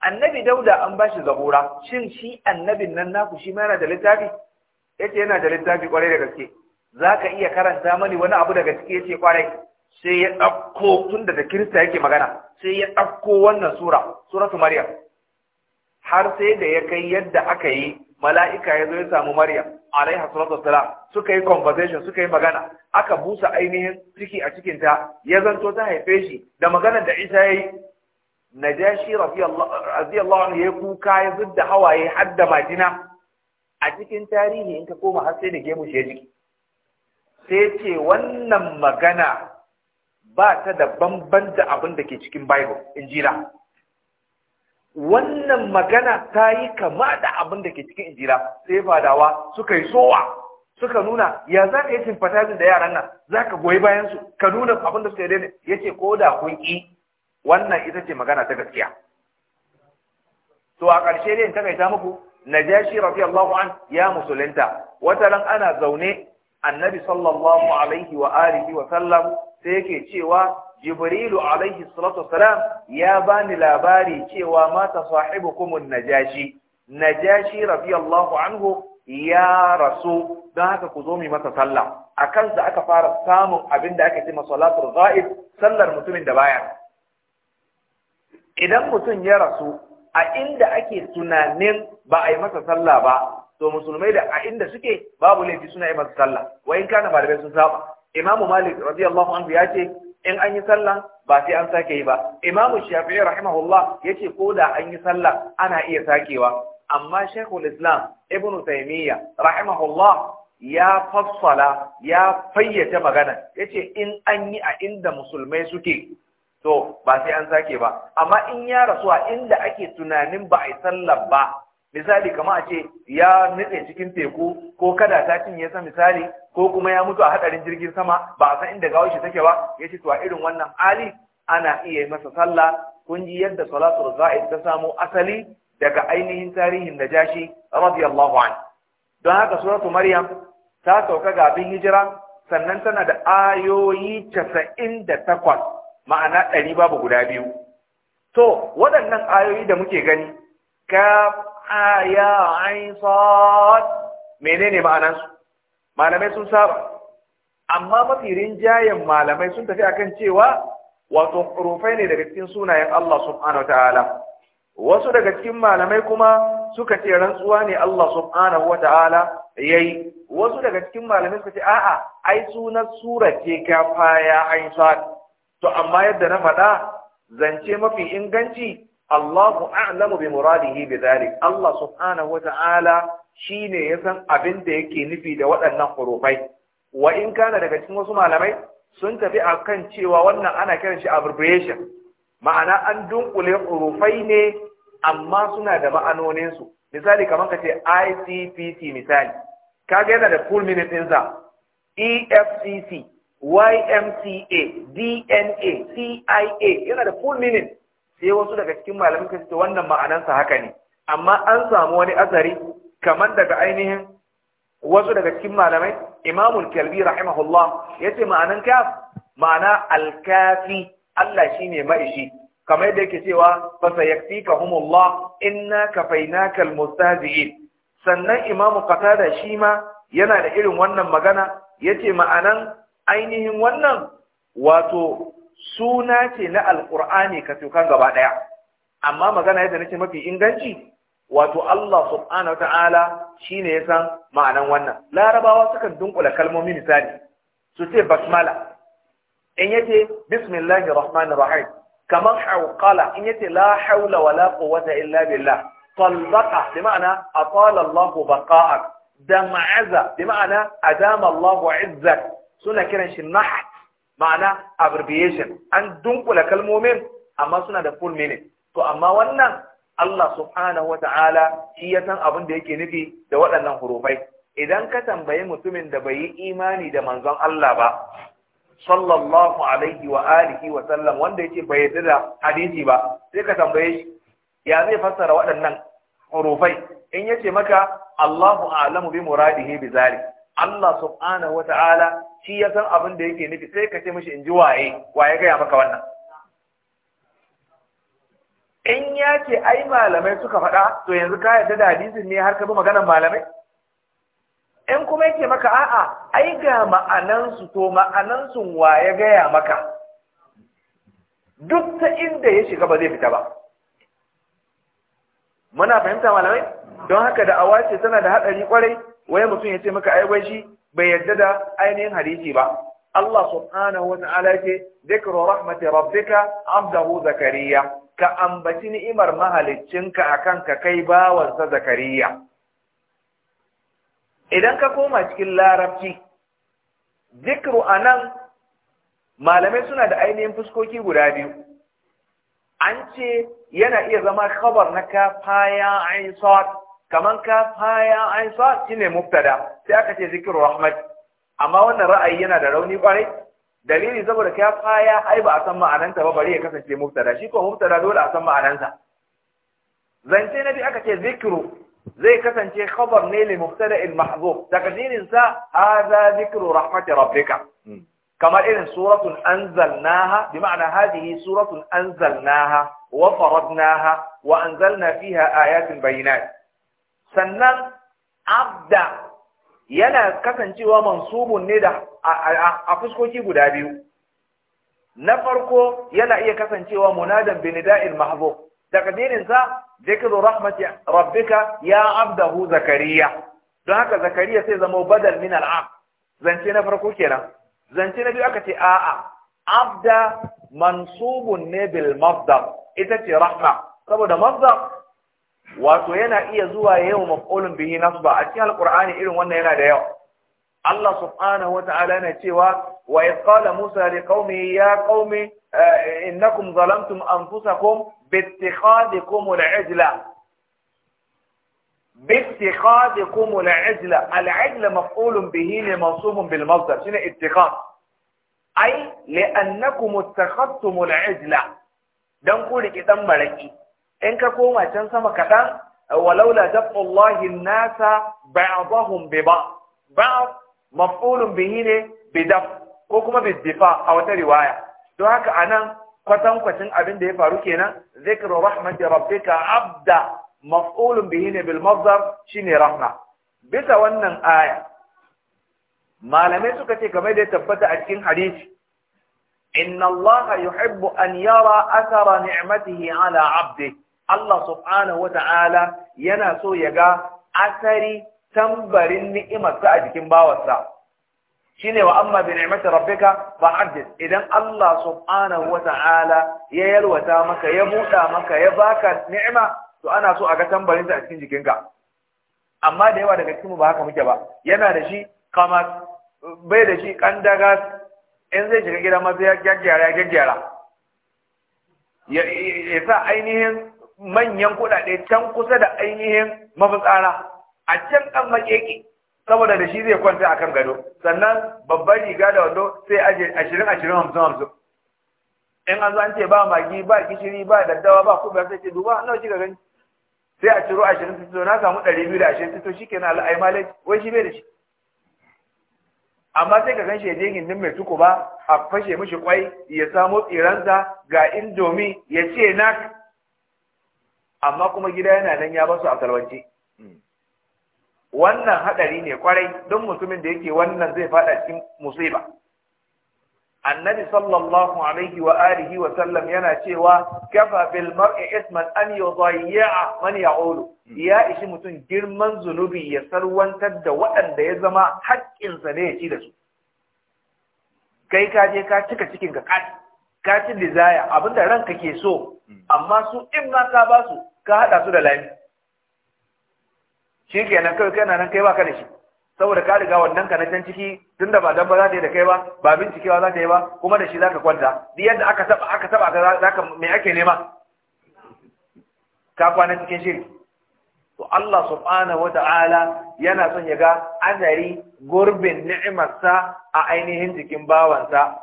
annabi dauda an bashi zabura shin shi annabin nan naku shi ma yana da littafi yace yana da littafi kwarai da gaske zaka iya karanta mani wani abu daga ciki yace kwarai sai ya ɗauko tun da kirista yake magana sai ya ɗauko wannan sura suratu maryam har sai da ya kai yadda aka yi mala'ika ya zo ya samu maryam alaihi salatu wassalam suka yi conversation suka yi magana aka busa ainihin ciki a cikin ta ya zanto ta haife shi da magana da Isa yayi Najashi radiyallahu anhu ya kuka ya zudda hawaye har da majina a cikin tarihi in ka koma har sai da gemu shi ya jiki sai ce wannan magana ba ta da bamban abin da ke cikin Bible Injila wannan magana ta yi kama da abin da ke cikin injira sai fadawa suka yi sowa suka nuna ya za ka yi sympathizing da yaran nan za ka goyi bayansu, ka nuna abin da su daidai ya ce ko da kun ƙi wannan ita ce magana ta gaskiya to a ƙarshe ne ta takaita muku najashi allahu an ya musulunta wata ran ana zaune annabi sallallahu alaihi wa alihi wa sallam sai yake cewa jibrilu alaihi salatu wassalam ya bani labari cewa mata sahibukumun najashi najashi radiyallahu anhu ya rasu don haka ku zo mu masa sallah Akan da aka fara samun abin da aka ce masalatul ghaib sallar mutumin da baya idan mutum ya rasu a inda ake tunanin ba a yi masa sallah ba to musulmai da a inda suke babu laifi suna yi masa sallah wa in kana malamai sun saba imamu malik radiyallahu anhu ya ce in an yi sallah ba sai an sake yi ba imamu shafi'i rahimahullah yace ko da an yi sallah ana iya sakewa amma shaykhul islam ibnu taymiya rahimahullah ya fassala ya fayyace magana yace in an yi a inda musulmai suke to ba sai an sake ba amma in ya rasu a inda ake tunanin ba a yi sallah ba misali kamar a ce ya nutse cikin teku ko kada ta cinye sa misali ko kuma ya mutu a hadarin jirgin sama ba a san inda gawar shi take ba ya ce to irin wannan ali ana iya yi masa sallah kun ji yadda salatu za'id ta samo asali daga ainihin tarihin najashi radiyallahu an don haka suratu maryam ta sauka bin hijira sannan tana da ayoyi casa'in da takwas ma'ana ɗari babu guda biyu to waɗannan ayoyi da muke gani ka aya ain menene ma'anansu malamai sun saba amma mafi rinjayen malamai sun tafi akan cewa wato hurufai ne daga cikin sunayen Allah subhanahu ta'ala wasu daga cikin malamai kuma suka ce rantsuwa ne Allah subhanahu wa ta'ala yayi wasu daga cikin malamai suka ce a'a ai sunan sura ce ka ai aisat to amma yadda na faɗa zance mafi inganci Allahu a'lamu bi muradihi bi dhalik Allah subhanahu wata'ala ne ya san abin da yake nufi da waɗannan ƙurufai. wa in kana daga cikin wasu malamai sun tafi akan cewa wannan ana kiran shi abbreviation ma'ana an dunkule ƙurufai ne amma suna da ma'anoninsu. su misali kamar ka ce ICPC misali kaga yana da full ɗinsa EFCC YMCA DNA CIA yana da full sai wasu daga cikin malamin ka ce wannan ma'anansa haka ne amma an samu wani azari kamar daga ainihin wasu daga cikin malamai imamul kalbi rahimahullah ya ce ma'anan kaf ma'ana alkafi Allah shi ne ma'ishi kamar yadda yake cewa fasa yakfi ka humullah inna kafainaka almustazi'in sannan imamu qatada shi ma yana da irin wannan magana yace ma'anan ainihin wannan wato suna ce na alƙur'ani ka tukan gaba ɗaya amma magana yadda nake mafi inganci wato Allah subhanahu ta'ala shine ya san ma'anan wannan larabawa sukan dunkula kalmomi misali su ce basmala in yace "Bismillahi rahmanir rahim kamar hawqala in yace la hawla wala quwwata illa billah طلقه بمعنى اطال الله بقاءك دمعذا بمعنى ادام الله عزك suna kiran shi naht ma'ana abbreviation an dunkula kalmomin amma suna da full meaning to amma wannan Allah subhanahu wata'ala shi ya san abin da yake nufi da waɗannan hurufai idan ka tambayi mutumin da bai yi imani da manzon Allah ba sallallahu alaihi wa alihi wa sallam wanda yake bai yarda da hadisi ba sai ka tambaye shi ya zai fassara waɗannan hurufai in yace maka Allahu a'lamu bi muradihi bi zalik Allah subhanahu wata'ala shi ya san abin da yake nufi sai ka ce mishi in ji waye waye gaya maka wannan in ya ce ai malamai suka faɗa to yanzu ka yarda da hadisin ne har ka bi maganar malamai in kuma yake maka a'a ai ga ma'anansu to ma'anansu waye gaya maka duk ta inda ya shiga ba zai fita ba muna fahimta malamai don haka da awa ce tana da haɗari kwarai wai mutum ya ce maka ai wai shi bai yarda da ainihin hadisi ba Allah subhanahu wa ta'ala ce dhikru rahmati rabbika abdahu zakariya ka ambaci ni'imar mahaliccinka akan ka kai bawansa zakariya idan ka koma cikin larabci dhikru anan malamai suna da ainihin fuskoki guda biyu an ce yana iya zama khabar na kafaya aisat kaman ka faya an sa shine mubtada sai aka ce zikiru rahmat amma wannan ra'ayi yana da rauni kwarai dalili saboda ka faya ai ba a san ma'ananta ba bari ya kasance mubtada shi ko dole a san ma'anansa zance na bi aka ce zikiru zai kasance khabar ne li mubtada'il mahdhuf Takadinin sa hadha zikru rahmati rabbika hmm. kamar irin suratun anzalnaha bi ma'ana hadhihi suratun anzalnaha wa faradnaha wa anzalna fiha ayatin bayyinat sannan abda yana kasancewa mansubun ne da a fuskoki guda biyu na farko yana iya kasancewa munadan bi nida'il mahzuf takdirin sa dhikru rahmati rabbika ya abdahu zakariya don haka zakariya sai zama badal min al'ab zance na farko kenan zance na biyu aka ce a'a abda mansubun ne bil masdar ita ce rahma saboda masdar wato yana iya zuwa yau maf'ulun bihi nasba a cikin alqur'ani irin wannan yana da yawa Allah subhanahu wata'ala yana cewa wa idh qala Musa liqaumi ya qaumi innakum zalamtum anfusakum باتخاذكم العجلة باتخاذكم العجلة العجلة مفعول به لمنصوب بالمصدر شنو اتخاذ أي ittakhadtum اتخذتم dan ku riki dan baraki in ka koma can sama kaɗan walaula dafullahi nasa ba'dahum bi ba ba'd maf'ulun bihi ne bi daf ko kuma bi difa a wata riwaya to haka anan kwatan kwacin abin da ya faru kenan zikru rahmati rabbika abda maf'ulun bihi ne bil mazdar shine rahma bisa wannan aya malamai suka ce kamar da ya tabbata a cikin hadisi inna allaha yuhibbu an yara athara ni'matihi ala abdihi Allah subhanahu wata'ala yana so ya ga asari tambarin ni'imarsa a jikin bawarsa shine wa amma bi ni'mati rabbika fa haddith idan Allah subhanahu wata'ala ya yalwata maka ya buɗa maka ya baka ni'ima to ana so a ga tambarin a cikin jikinka amma da yawa daga cikin ba haka muke ba yana da shi kama bai da shi ƙandagas, in zai shiga gida ma sai ya gyaggyara ya gyaggyara ya sa ainihin manyan kuɗaɗe can kusa da ainihin mafitsara a can ɗan maƙeƙe saboda da shi zai kwanta akan gado sannan babban riga da wando sai aje ashirin ashirin hamsin hamsin in an zan ce ba magi ba gishiri ba daddawa ba kuma sai ce duba nawa kika gani sai a ciro ashirin fito na samu ɗari biyu da ashirin fito shi kenan al'ai malai wai shi bai da shi amma sai ka ganshi ya je gindin mai tuku ba a fashe mishi kwai ya samo tsiransa ga indomi ya ce nak amma kuma gida yana nan ya basu a salwance hmm. wannan haɗari ne kwarai don mutumin da yake wannan zai fada cikin musiba annabi sallallahu alaihi wa alihi wa sallam yana cewa kafa bil mar'i isman an yudayya man ya'ulu hmm. ya ishi mutum girman zunubi ya sarwantar da waɗanda ya zama haƙƙinsa ne ya ci da su kai ka je ka cika cikin ka ka ci desire abinda ranka ke so hmm. amma su in ma ka ba su ka haɗa su da lami shi kenan kai na nan kai ka da shi saboda ka riga wannan ka na can ciki tunda ba dan ba za ta yi da kai ba ba bincikewa za ta yi ba kuma da shi za ka kwanta duk yadda aka taba aka taba ka za ka me ake nema ka kwana cikin shiri to Allah subhanahu Ta'ala yana son ya ga azari gurbin ni'imarsa a ainihin jikin bawansa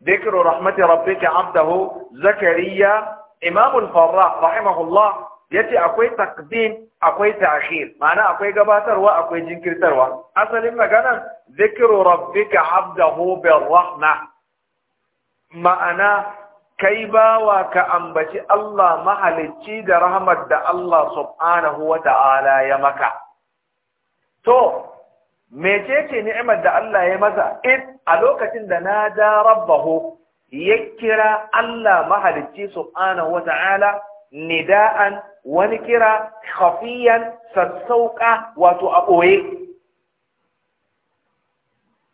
dhikru rahmati rabbika abdahu zakariya imamul farra rahimahullah yace akwai taqdim akwai ta'khir ma'ana akwai gabatarwa akwai jinkirtarwa asalin magana zikru rabbika abdahu birrahma ma'ana kai bawa ka ambaci Allah mahalicci da rahmat da Allah subhanahu wa ta'ala ya maka to mecece ni'imar da Allah ya masa in a lokacin da na da rabbahu ya kira Allah mahalicci subhanahu wata'ala nida'an wani kira khafiyan sassauka wato a ɓoye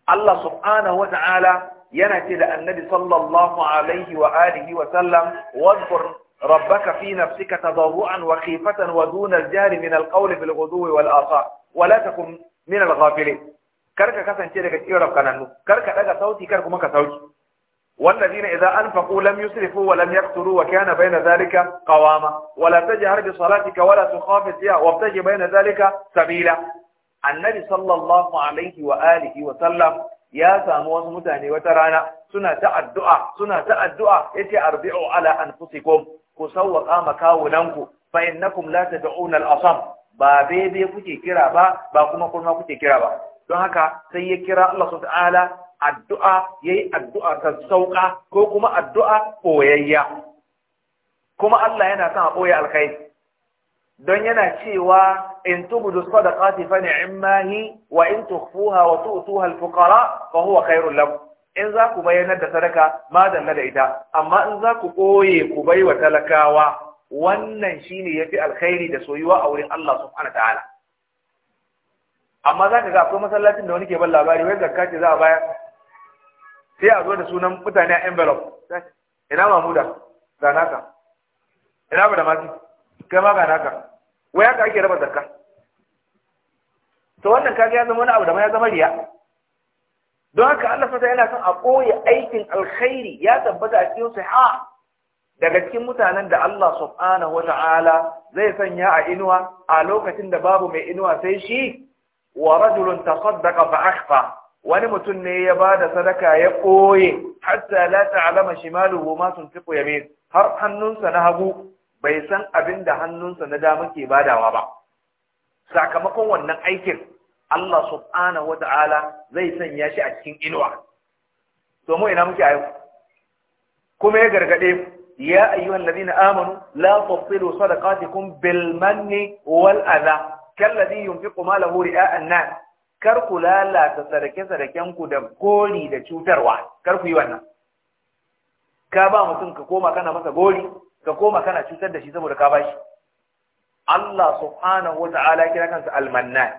Allah subhanahu wata'ala yana ce da annabi sallallahu alaihi wa alihi wa sallam wadkur ربك في نفسك تضرعا وخيفة ودون الجهل من القول بالغدو والآصال ولا تكن من الغافلين كركا كسان شيء daga cikin rafkananu karka daga sauti kar kuma ka sauki والذين إذا أنفقوا لم يسرفوا ولم يقتلوا وكان بين ذلك قواما ولا تجهر بصلاتك ولا تخافت فيها وابتج بين ذلك سبيلا النبي صلى الله عليه وآله وسلم يا ساموس متاني وترانا سنة الدعاء سنة الدعاء يتي أربعوا على أنفسكم كسوق آم كاوننكم فإنكم لا تدعون الأصم ba daidai kuke kira ba ba kuma kurma kuke kira ba don haka sai ya kira Allah subhanahu ta'ala addu'a yayi addu'a ta sauƙa, ko kuma addu'a ɓoyayya. kuma Allah yana son a koya alkhairi don yana cewa in tubudu sadaqati fa ni'mahi wa in tukhfuha wa tu'tuha al-fuqara huwa khairul in za ku bayyana da sadaka ma dalla da ita amma in za ku ɓoye ku baiwa talakawa wannan shine yafi alkhairi da soyuwa a wurin Allah subhanahu ta'ala amma ka ga akwai masallacin da wani ke ban labari wai zakka ce za a sai a zo da sunan mutane a envelope ina mamuda ga naka ina ba da mati kai ma ga naka wai haka ake raba zakka to wannan kaga ya zama wani abu da ma ya zama riya don haka Allah sata yana son a ɓoye aikin alkhairi ya tabbata a cikin sahiha daga cikin mutanen da Allah subhanahu wata'ala zai sanya a inuwa a lokacin da babu mai inuwa sai shi wa rajulun tasaddaqa fa akhfa wani mutum ne ya ba da sadaka ya ɓoye hatta la ta'lama shimaluhu ma tunfiqu yamin har hannunsa na hagu bai san abin da hannunsa na dama ke badawa ba sakamakon wannan aikin Allah subhanahu wata'ala zai sanya shi a cikin inuwa to mu ina muke ayo kuma ya gargade ya ayyuhal ladina amanu la tubtilu sadaqatikum bil manni wal adha kalladhi yunfiqu malahu ri'a an-nas kar ku lalata sadake-sadaken ku da gori da cutarwa kar ku yi wannan ka ba mutum ka koma kana masa gori ka koma kana cutar da shi saboda ka bashi Allah subhanahu wata'ala kira kansa almanna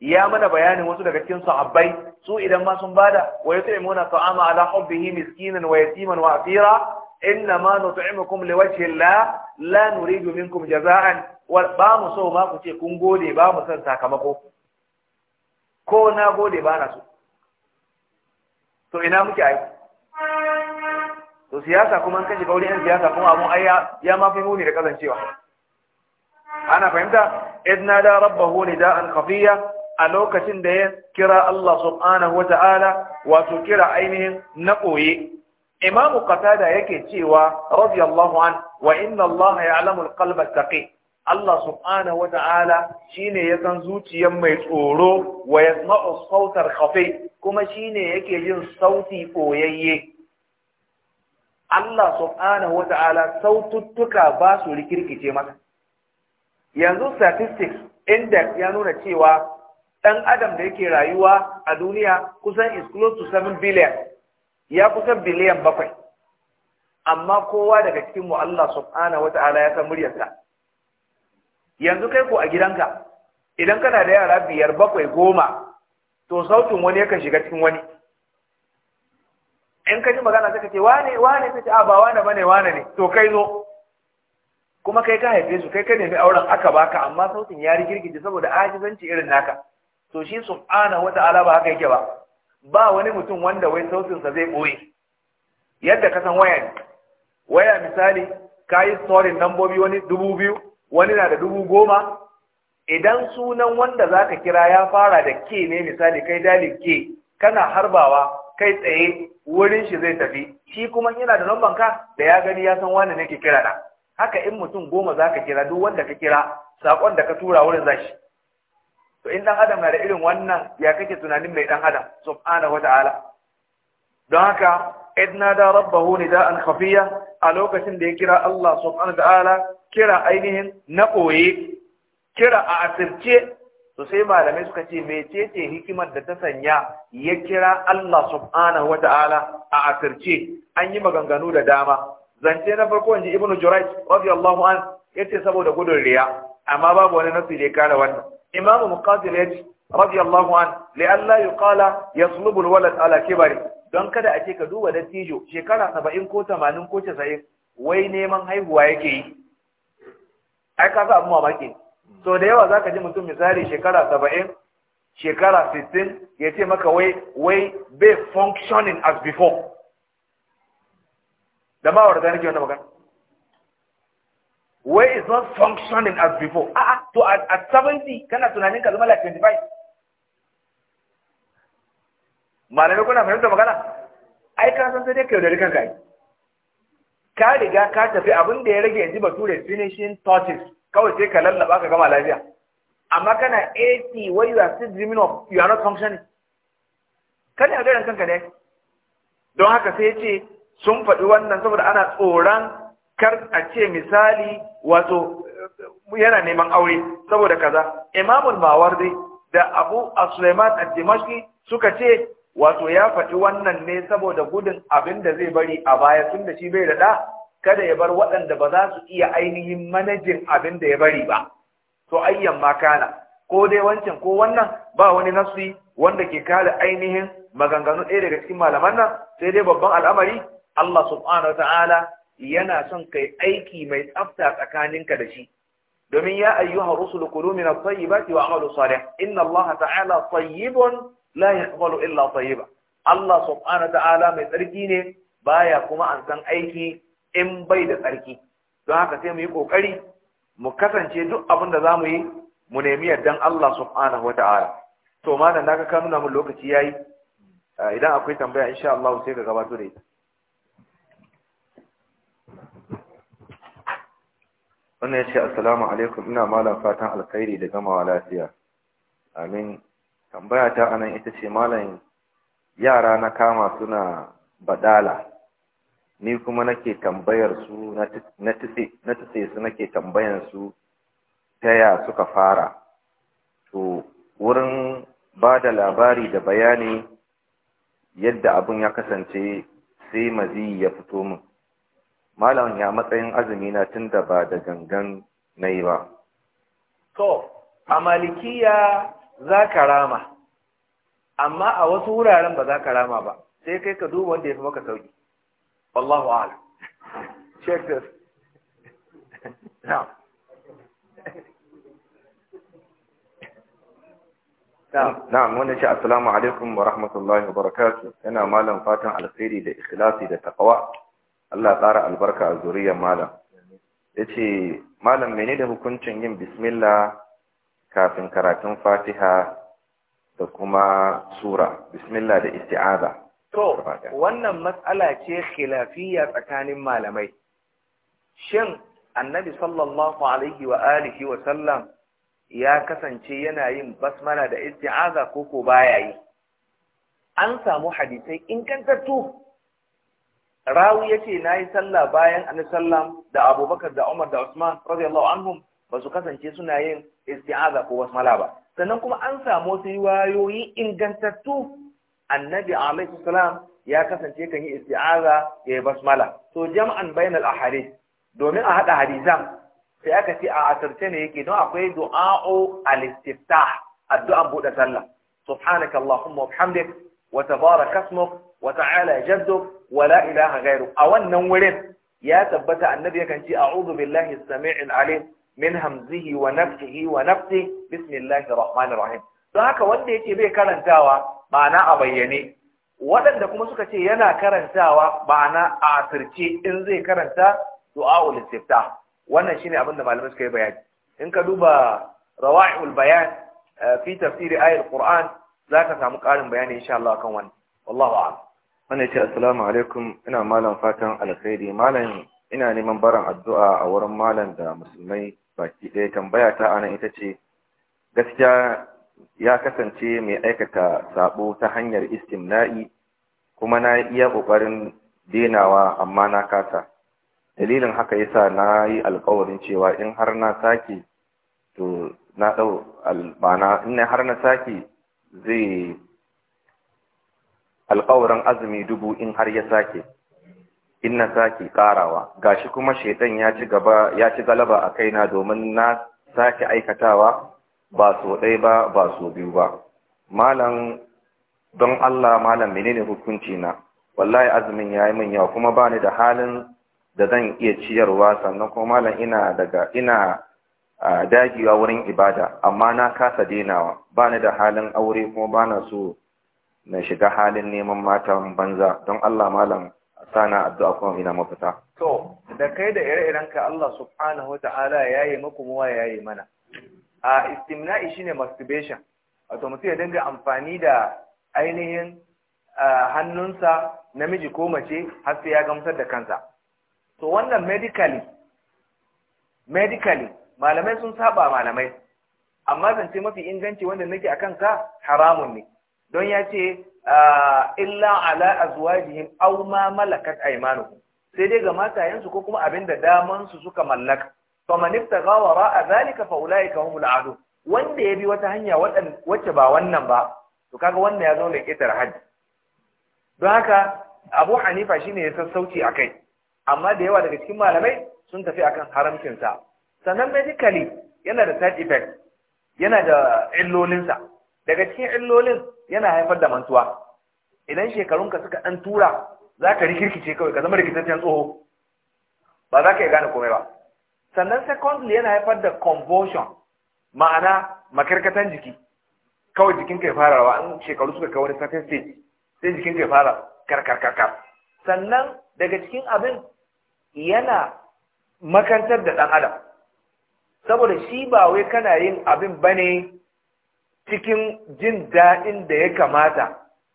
ya mana bayanin wasu daga cikin sahabbai su idan ma sun bada wa yut'imuna ta'ama ala hubbihi miskinan wa yatiman wa asira inna ma nut'imukum liwajhi Allah la nuridu minkum jaza'an wa ba mu so ma ku ce kun gode ba mu san sakamako ko na gode ba na so to ina muke ai to siyasa kuma kashi ga 'yan siyasa kuma abun ai ya ma fi muni da kasancewa ana fahimta idna da rabbahu nida'an khafiya a lokacin da ya kira Allah subhanahu wa ta'ala wato kira ainihin na koye imamu qatada yake cewa radiyallahu an wa inna Allah ya'lamu al-qalba taqi Allah subhanahu wata'ala shine ya san zuciyar mai tsoro wa yasma'u sautar khafi kuma shine yake jin sauti koyayye Allah subhanahu wata'ala saututtuka ba su rikirkice mata yanzu statistics index ya nuna cewa ɗan adam da yake rayuwa a duniya kusan is close to 7 billion ya kusan biliyan bakwai amma kowa daga cikin mu Allah subhanahu wata'ala ya san muryarsa yanzu kai ko a gidanka idan kana da yara biyar bakwai goma to sautin wani yakan shiga cikin wani in ka ji magana sai ka ce wane wane ta a ba wane bane wane ne to kai zo kuma kai ka haife su kai ka nemi auren aka baka amma sautin ya rigirgije saboda ajizanci irin naka to shi subhanahu wata'ala ba haka yake ba ba wani mutum wanda wai sautinsa zai ɓoye yadda ka san waya ne waya misali ka yi storin nambobi wani dubu biyu wani na da dubu goma idan sunan wanda za ka kira ya fara da ke ne misali kai dalin ke kana harbawa kai tsaye wurin shi zai tafi shi kuma yana da lamban ka da ya gani ya san wani nake kira da, haka in mutum goma za ka kira duk wanda ka kira sakon da ka tura wurin za shi to in ɗan adam na da irin wannan ya kake tunanin mai ɗan adam subhanahu wa ta'ala don haka idna da rabbahu nida'an khafiya a lokacin da ya kira Allah subhanahu ta'ala kira ainihin na koye kira a asirce to sai malamai suka ce mecece hikimar da ta sanya ya kira Allah subhanahu ta'ala a asirce an yi maganganu da dama zance na farko inji ibnu jurayj radiyallahu an yace saboda gudun riya amma babu wani nasi da ya kare wannan imamu muqatil yace radiyallahu an li alla yuqala yaslubu alwalad ala kibari don kada a ce ka duba dattijo shekara saba'in ko tamanin ko casa'in wai neman haihuwa yake yi ai ka sa abin mamaki so da yawa zaka ji mutum misali shekara saba'in shekara sittin ya ce maka wai wai bai functioning as before da ma wadda nake wanda magana wai is not functioning as before a'a to at 70 kana tunanin ka zama like 25 malamai kuna fahimta magana ai ka san sai dai kai da rikan kai. ka riga ka tafi abin da ya rage yanzu ture finishing touches kawai sai ka lallaba ka gama lafiya amma kana 80 where you are still dreaming of you are not functioning kada a garan kanka ne don haka sai ce sun faɗi wannan saboda ana tsoron kar a ce misali wato yana neman aure saboda kaza imamul mawardi da abu a suleiman a suka ce wato ya faɗi wannan ne saboda gudun abin da zai bari a baya tun da shi bai daɗa, kada ya bar waɗanda ba za su iya ainihin manajin abin da ya bari ba to ayyan makana, ko dai wancan ko wannan ba wani nasi wanda ke kare ainihin maganganu ɗaya daga cikin malaman nan sai dai babban al'amari Allah subhanahu ta'ala yana son kai aiki mai tsafta tsakaninka da shi domin ya ayyuha rusul kulu min at-tayyibati wa a'malu salih inna Allah ta'ala tayyibun la yaqbalu illa tayyiba Allah subhanahu ta'ala mai tsarki ne baya kuma an san aiki in bai da tsarki don haka sai mu yi kokari mu kasance duk abin da zamu yi mu nemi yardan Allah subhanahu ta'ala. to malam naka ka nuna mun lokaci yayi ah, idan akwai tambaya insha Allah sai ka gabato da ita wannan ya ce assalamu alaikum ina malam fatan alkhairi da gamawa lafiya amin tambaya ta anan ita ce malam yara na kama suna badala ni kuma nake tambayar su na tutse su nake tambayan su ta ya suka fara to wurin ba da labari da bayani yadda abin ya kasance sai mazi ya fito min malam ya matsayin azumi na tun ba da gangan na yi ba to a malikiya za ka rama amma a wasu wuraren ba za ka rama ba sai kai ka duba wanda ya fi maka sauki wallahu ala check this Na'am Wani shi assalamu alaikum wa rahmatullahi wa barakatu yana malam fatan alkhairi da ikhlasi da taqwa Allah tsara albarka a zuriyar malam ce malam da hukuncin yin bismillah kafin karatun fatiha da kuma sura bismillah da isti'aza to wannan matsala ce khilafiyya tsakanin malamai shin annabi sallallahu alaihi wa alihi wa sallam ya kasance yana yin basmala da isti'aza ko ko baya yi an samu hadisai ingantattu rawi yace nayi sallah bayan annabi sallam da abubakar da umar da usman radiyallahu anhum ba su kasance suna yin isti'aza ko basmala ba sannan kuma an samu wasu riwayoyi ingantattu annabi alaihi salam ya kasance kan yi isti'aza ya yi basmala to jama'an bainal ahadith domin a hada hadisan sai aka ce a asirce ne yake don akwai du'a'u al addu'an buɗe sallah subhanaka allahumma wa bihamdik wa tabaraka ismuk wa ta'ala jadduk wa la ilaha a wannan wurin ya tabbata annabi yakan ce a'udhu billahi as-sami'il alim min hamzihi wa nafsihi wa nafsi bismillahir rahmanir rahim don haka wanda yake bai karantawa ma'ana a bayyane waɗanda kuma suka ce yana karantawa bana a asirce in zai karanta du'a'ul istiftah wannan shine abin da malamai suka yi bayani in ka duba rawa'iul bayan eh, fi tafsiri ayatul qur'an zaka samu ƙarin bayani insha Allah kan wannan wallahu a'lam wannan ce assalamu alaikum ina malam fatan alkhairi malam ina neman baran addu'a a wurin malam da musulmai baki ɗaya tambaya ta anan ita ce gaskiya ya kasance mai aikata sabo ta hanyar istimna'i kuma na iya ƙoƙarin denawa amma na kasa dalilin haka yasa na yi alƙawarin cewa in har na sake to na ɗau albana in har na sake zai alƙawarin azumi dubu in har ya sake in na sake karawa gashi kuma shaitan ya ci gaba ya ci galaba a kaina domin na sake aikatawa ba so ɗaya ba ba so biyu ba malam don Allah malam menene hukunci na wallahi azumin yayi min yawa kuma bani da halin da zan iya ciyarwa sannan kuma malam ina daga ina dagiwa wurin ibada amma na kasa denawa bani da halin aure kuma bana so na shiga halin neman matan banza don Allah malam sana addu'a kuma ina mafita to da kai da ire-iren ka Allah subhanahu wata'ala yayi muku muwa yayi mana a istimna'i shine masturbation wato mutum ya dinga amfani da ainihin hannunsa namiji ko mace har sai ya gamsar da kansa to wannan medically medically malamai sun saba malamai amma zance mafi inganci wanda nake akan ka haramun ne don ya ce illa ala azwajihim aw ma malakat aymanuhum sai dai ga matayensu ko kuma abinda daman su suka mallaka fa man ibtaga wara zalika fa ulaika humul adu wanda ya bi wata hanya wacce ba wannan ba to kaga wannan ya zo ne kitar haji don haka Abu Hanifa shine ya sassauci akai amma da yawa daga cikin malamai sun tafi akan haramcin sa sannan medically yana da side effect yana da illolinsa daga cikin illolin yana haifar da mantuwa idan shekarunka suka ɗan tura za ka rikirkice kawai ka zama rikitaccen tsoho ba za ka yi gane komai ba sannan secondly yana haifar da convulsion ma'ana makarkatan jiki kawai jikinka ya fara rawa an shekaru suka kai wani certain stage sai jikinka ya fara karkarkarkar sannan daga cikin abin yana makantar da ɗan adam saboda shi ba wai kana yin abin bane cikin jin daɗin da ya kamata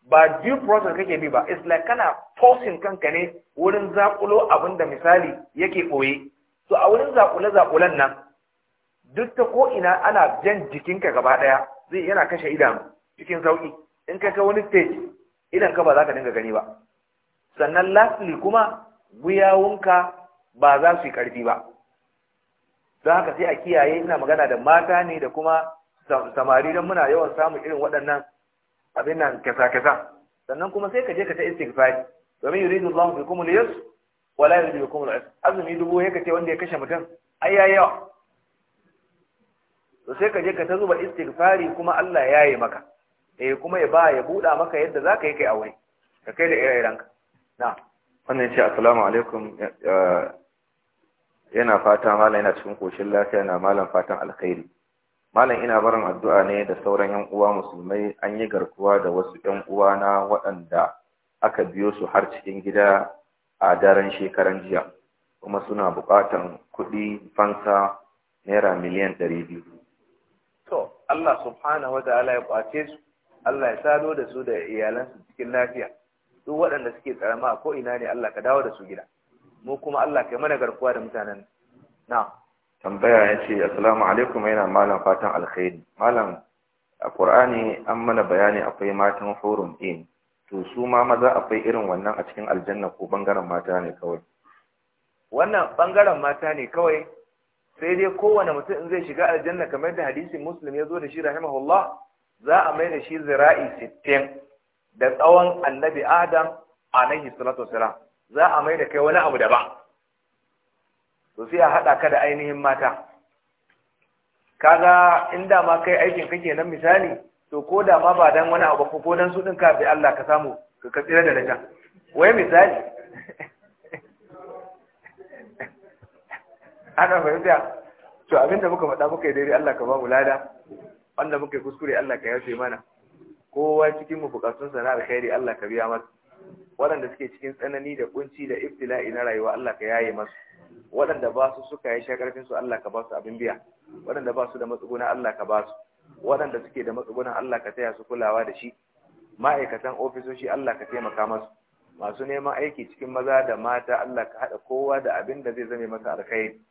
ba due process kake bi ba it's like kana forcing kanka ne wurin zakulo abin da misali yake ɓoye So a wurin zakule zakulen nan duk ta ko ina ana jan jikinka gaba ɗaya zai yana kashe idanu cikin sauƙi in ka kai wani stage idan ka ba za ka dinga gani ba sannan lastly kuma wuyawunka ba za su yi ƙarfi ba don haka sai a kiyaye ina magana da mata ne da kuma samari don muna yawan samun irin waɗannan abin nan kasa-kasa sannan kuma sai ka je ka ta istighfari domin yuridu Allah fi kumul yus wa la yuridu kuma al azumi dubu ya kace wanda ya kashe mutum ai yayi yawa to sai ka je ka ta zuba istighfari kuma Allah ya yi maka eh kuma ya ba ya buɗa maka yadda za ka yi kai aure ka kai da ire-irenka na wannan shi assalamu alaikum yana fata malam yana cikin koshin lafiya na malam fatan alkhairi malam ina barin addu'a ne da sauran yan uwa musulmai an yi garkuwa da wasu yan uwa na waɗanda aka biyo su har cikin gida a daren shekaran jiya kuma suna buƙatan kuɗi fansa naira miliyan ɗari biyu. to Allah subhanahu ta'ala ya kwace su Allah ya sado da su da iyalansu cikin lafiya duk waɗanda suke tsarama a ko ina ne Allah ka dawo da su gida mu kuma Allah kai mana garkuwa da mutanen na tambaya ya ce assalamu alaikum yana malam fatan alkhairi malam a qur'ani an mana bayani akwai matan hurun to su ma maza akwai irin wannan a cikin aljanna ko bangaren mata ne kawai wannan bangaren mata ne kawai sai dai kowane mutum in zai shiga aljanna kamar da hadisin muslim ya zo da shi rahimahullah za a mai da shi zira'i sittin da tsawon annabi adam alaihi salatu wasalam za a mai da kai wani abu daban to sai a haɗa ka da ainihin mata kaga in ma kai aikin kake nan misali to ko da ma ba dan wani abu ko dan su din ka bi Allah ka samu ka katsira da nan wai misali ana fahimta to abinda muka faɗa muka yi daidai Allah ka ba mu lada wanda muka yi kuskure Allah ka yafe mana kowa cikin mu bukatun sana alkhairi Allah ka biya masa waɗanda suke cikin tsanani da kunci da ibtila'i na rayuwa Allah ka yaye masu waɗanda ba su suka yi shi karfin su Allah ka ba su abin biya waɗanda ba su da matsuguna Allah ka ba su waɗanda suke da matsuguna Allah ka taya su kulawa da shi ma'aikatan ofisoshi Allah ka taimaka masu masu neman aiki cikin maza da mata Allah ka haɗa kowa da abin da zai zame masa alkhairi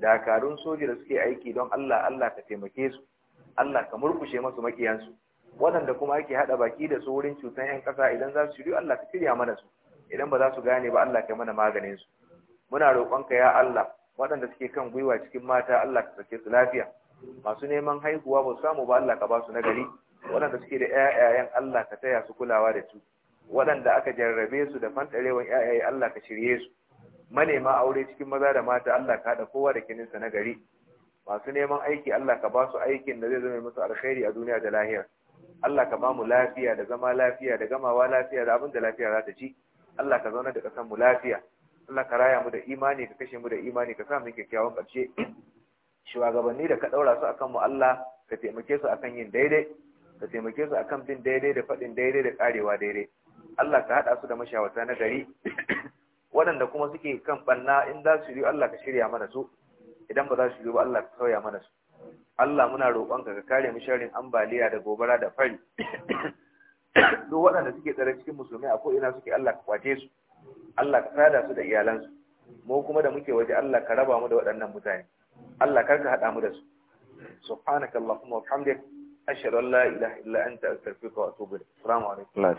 dakarun soji da suke aiki don Allah Allah ka taimake su Allah ka murkushe masu makiyansu waɗanda kuma ake haɗa baki da su wurin cutan 'yan ƙasa idan za su shiryu Allah ka shirya mana su idan ba za su gane ba Allah ka mana maganin su muna roƙonka ya Allah waɗanda suke kan gwiwa cikin mata Allah ka sake su lafiya masu neman haihuwa ba su samu ba Allah ka ba su nagari waɗanda suke da ƴaƴayen Allah ka taya su kulawa da su waɗanda aka jarrabe su da fantarewan ƴaƴaye Allah ka shirye su manema aure cikin maza da mata Allah ka haɗa kowa da kininsa sa nagari masu neman aiki Allah ka ba su aikin da zai zama musu alkhairi a duniya da lahira Allah ka ba mu lafiya da zama lafiya da gamawa lafiya da abin da lafiya za ta ci Allah ka zauna da kasan mu lafiya Allah ka raya mu da imani ka kashe mu da imani ka sa mu kyakkyawan ƙarshe shugabanni da ka ɗaura su akan mu Allah ka taimake su akan yin daidai ka taimake su akan bin daidai da faɗin daidai da ƙarewa daidai Allah ka haɗa su da mashawata na gari waɗanda kuma suke kan ɓanna in za su yi Allah ka shirya mana su idan ba za su yi ba Allah ka sauya mana su Allah muna roƙonka ka kare mu sharrin ambaliya da gobara da fari duk waɗanda suke tsare cikin musulmai a ko ina suke Allah ka kwace su Allah ka sada su da iyalansu mu kuma da muke waje Allah ka raba mu da waɗannan mutane Allah kar ka haɗa mu da su subhanakallahumma wa bihamdik ashhadu an la ilaha illa anta astaghfiruka wa atubu ilaik assalamu alaikum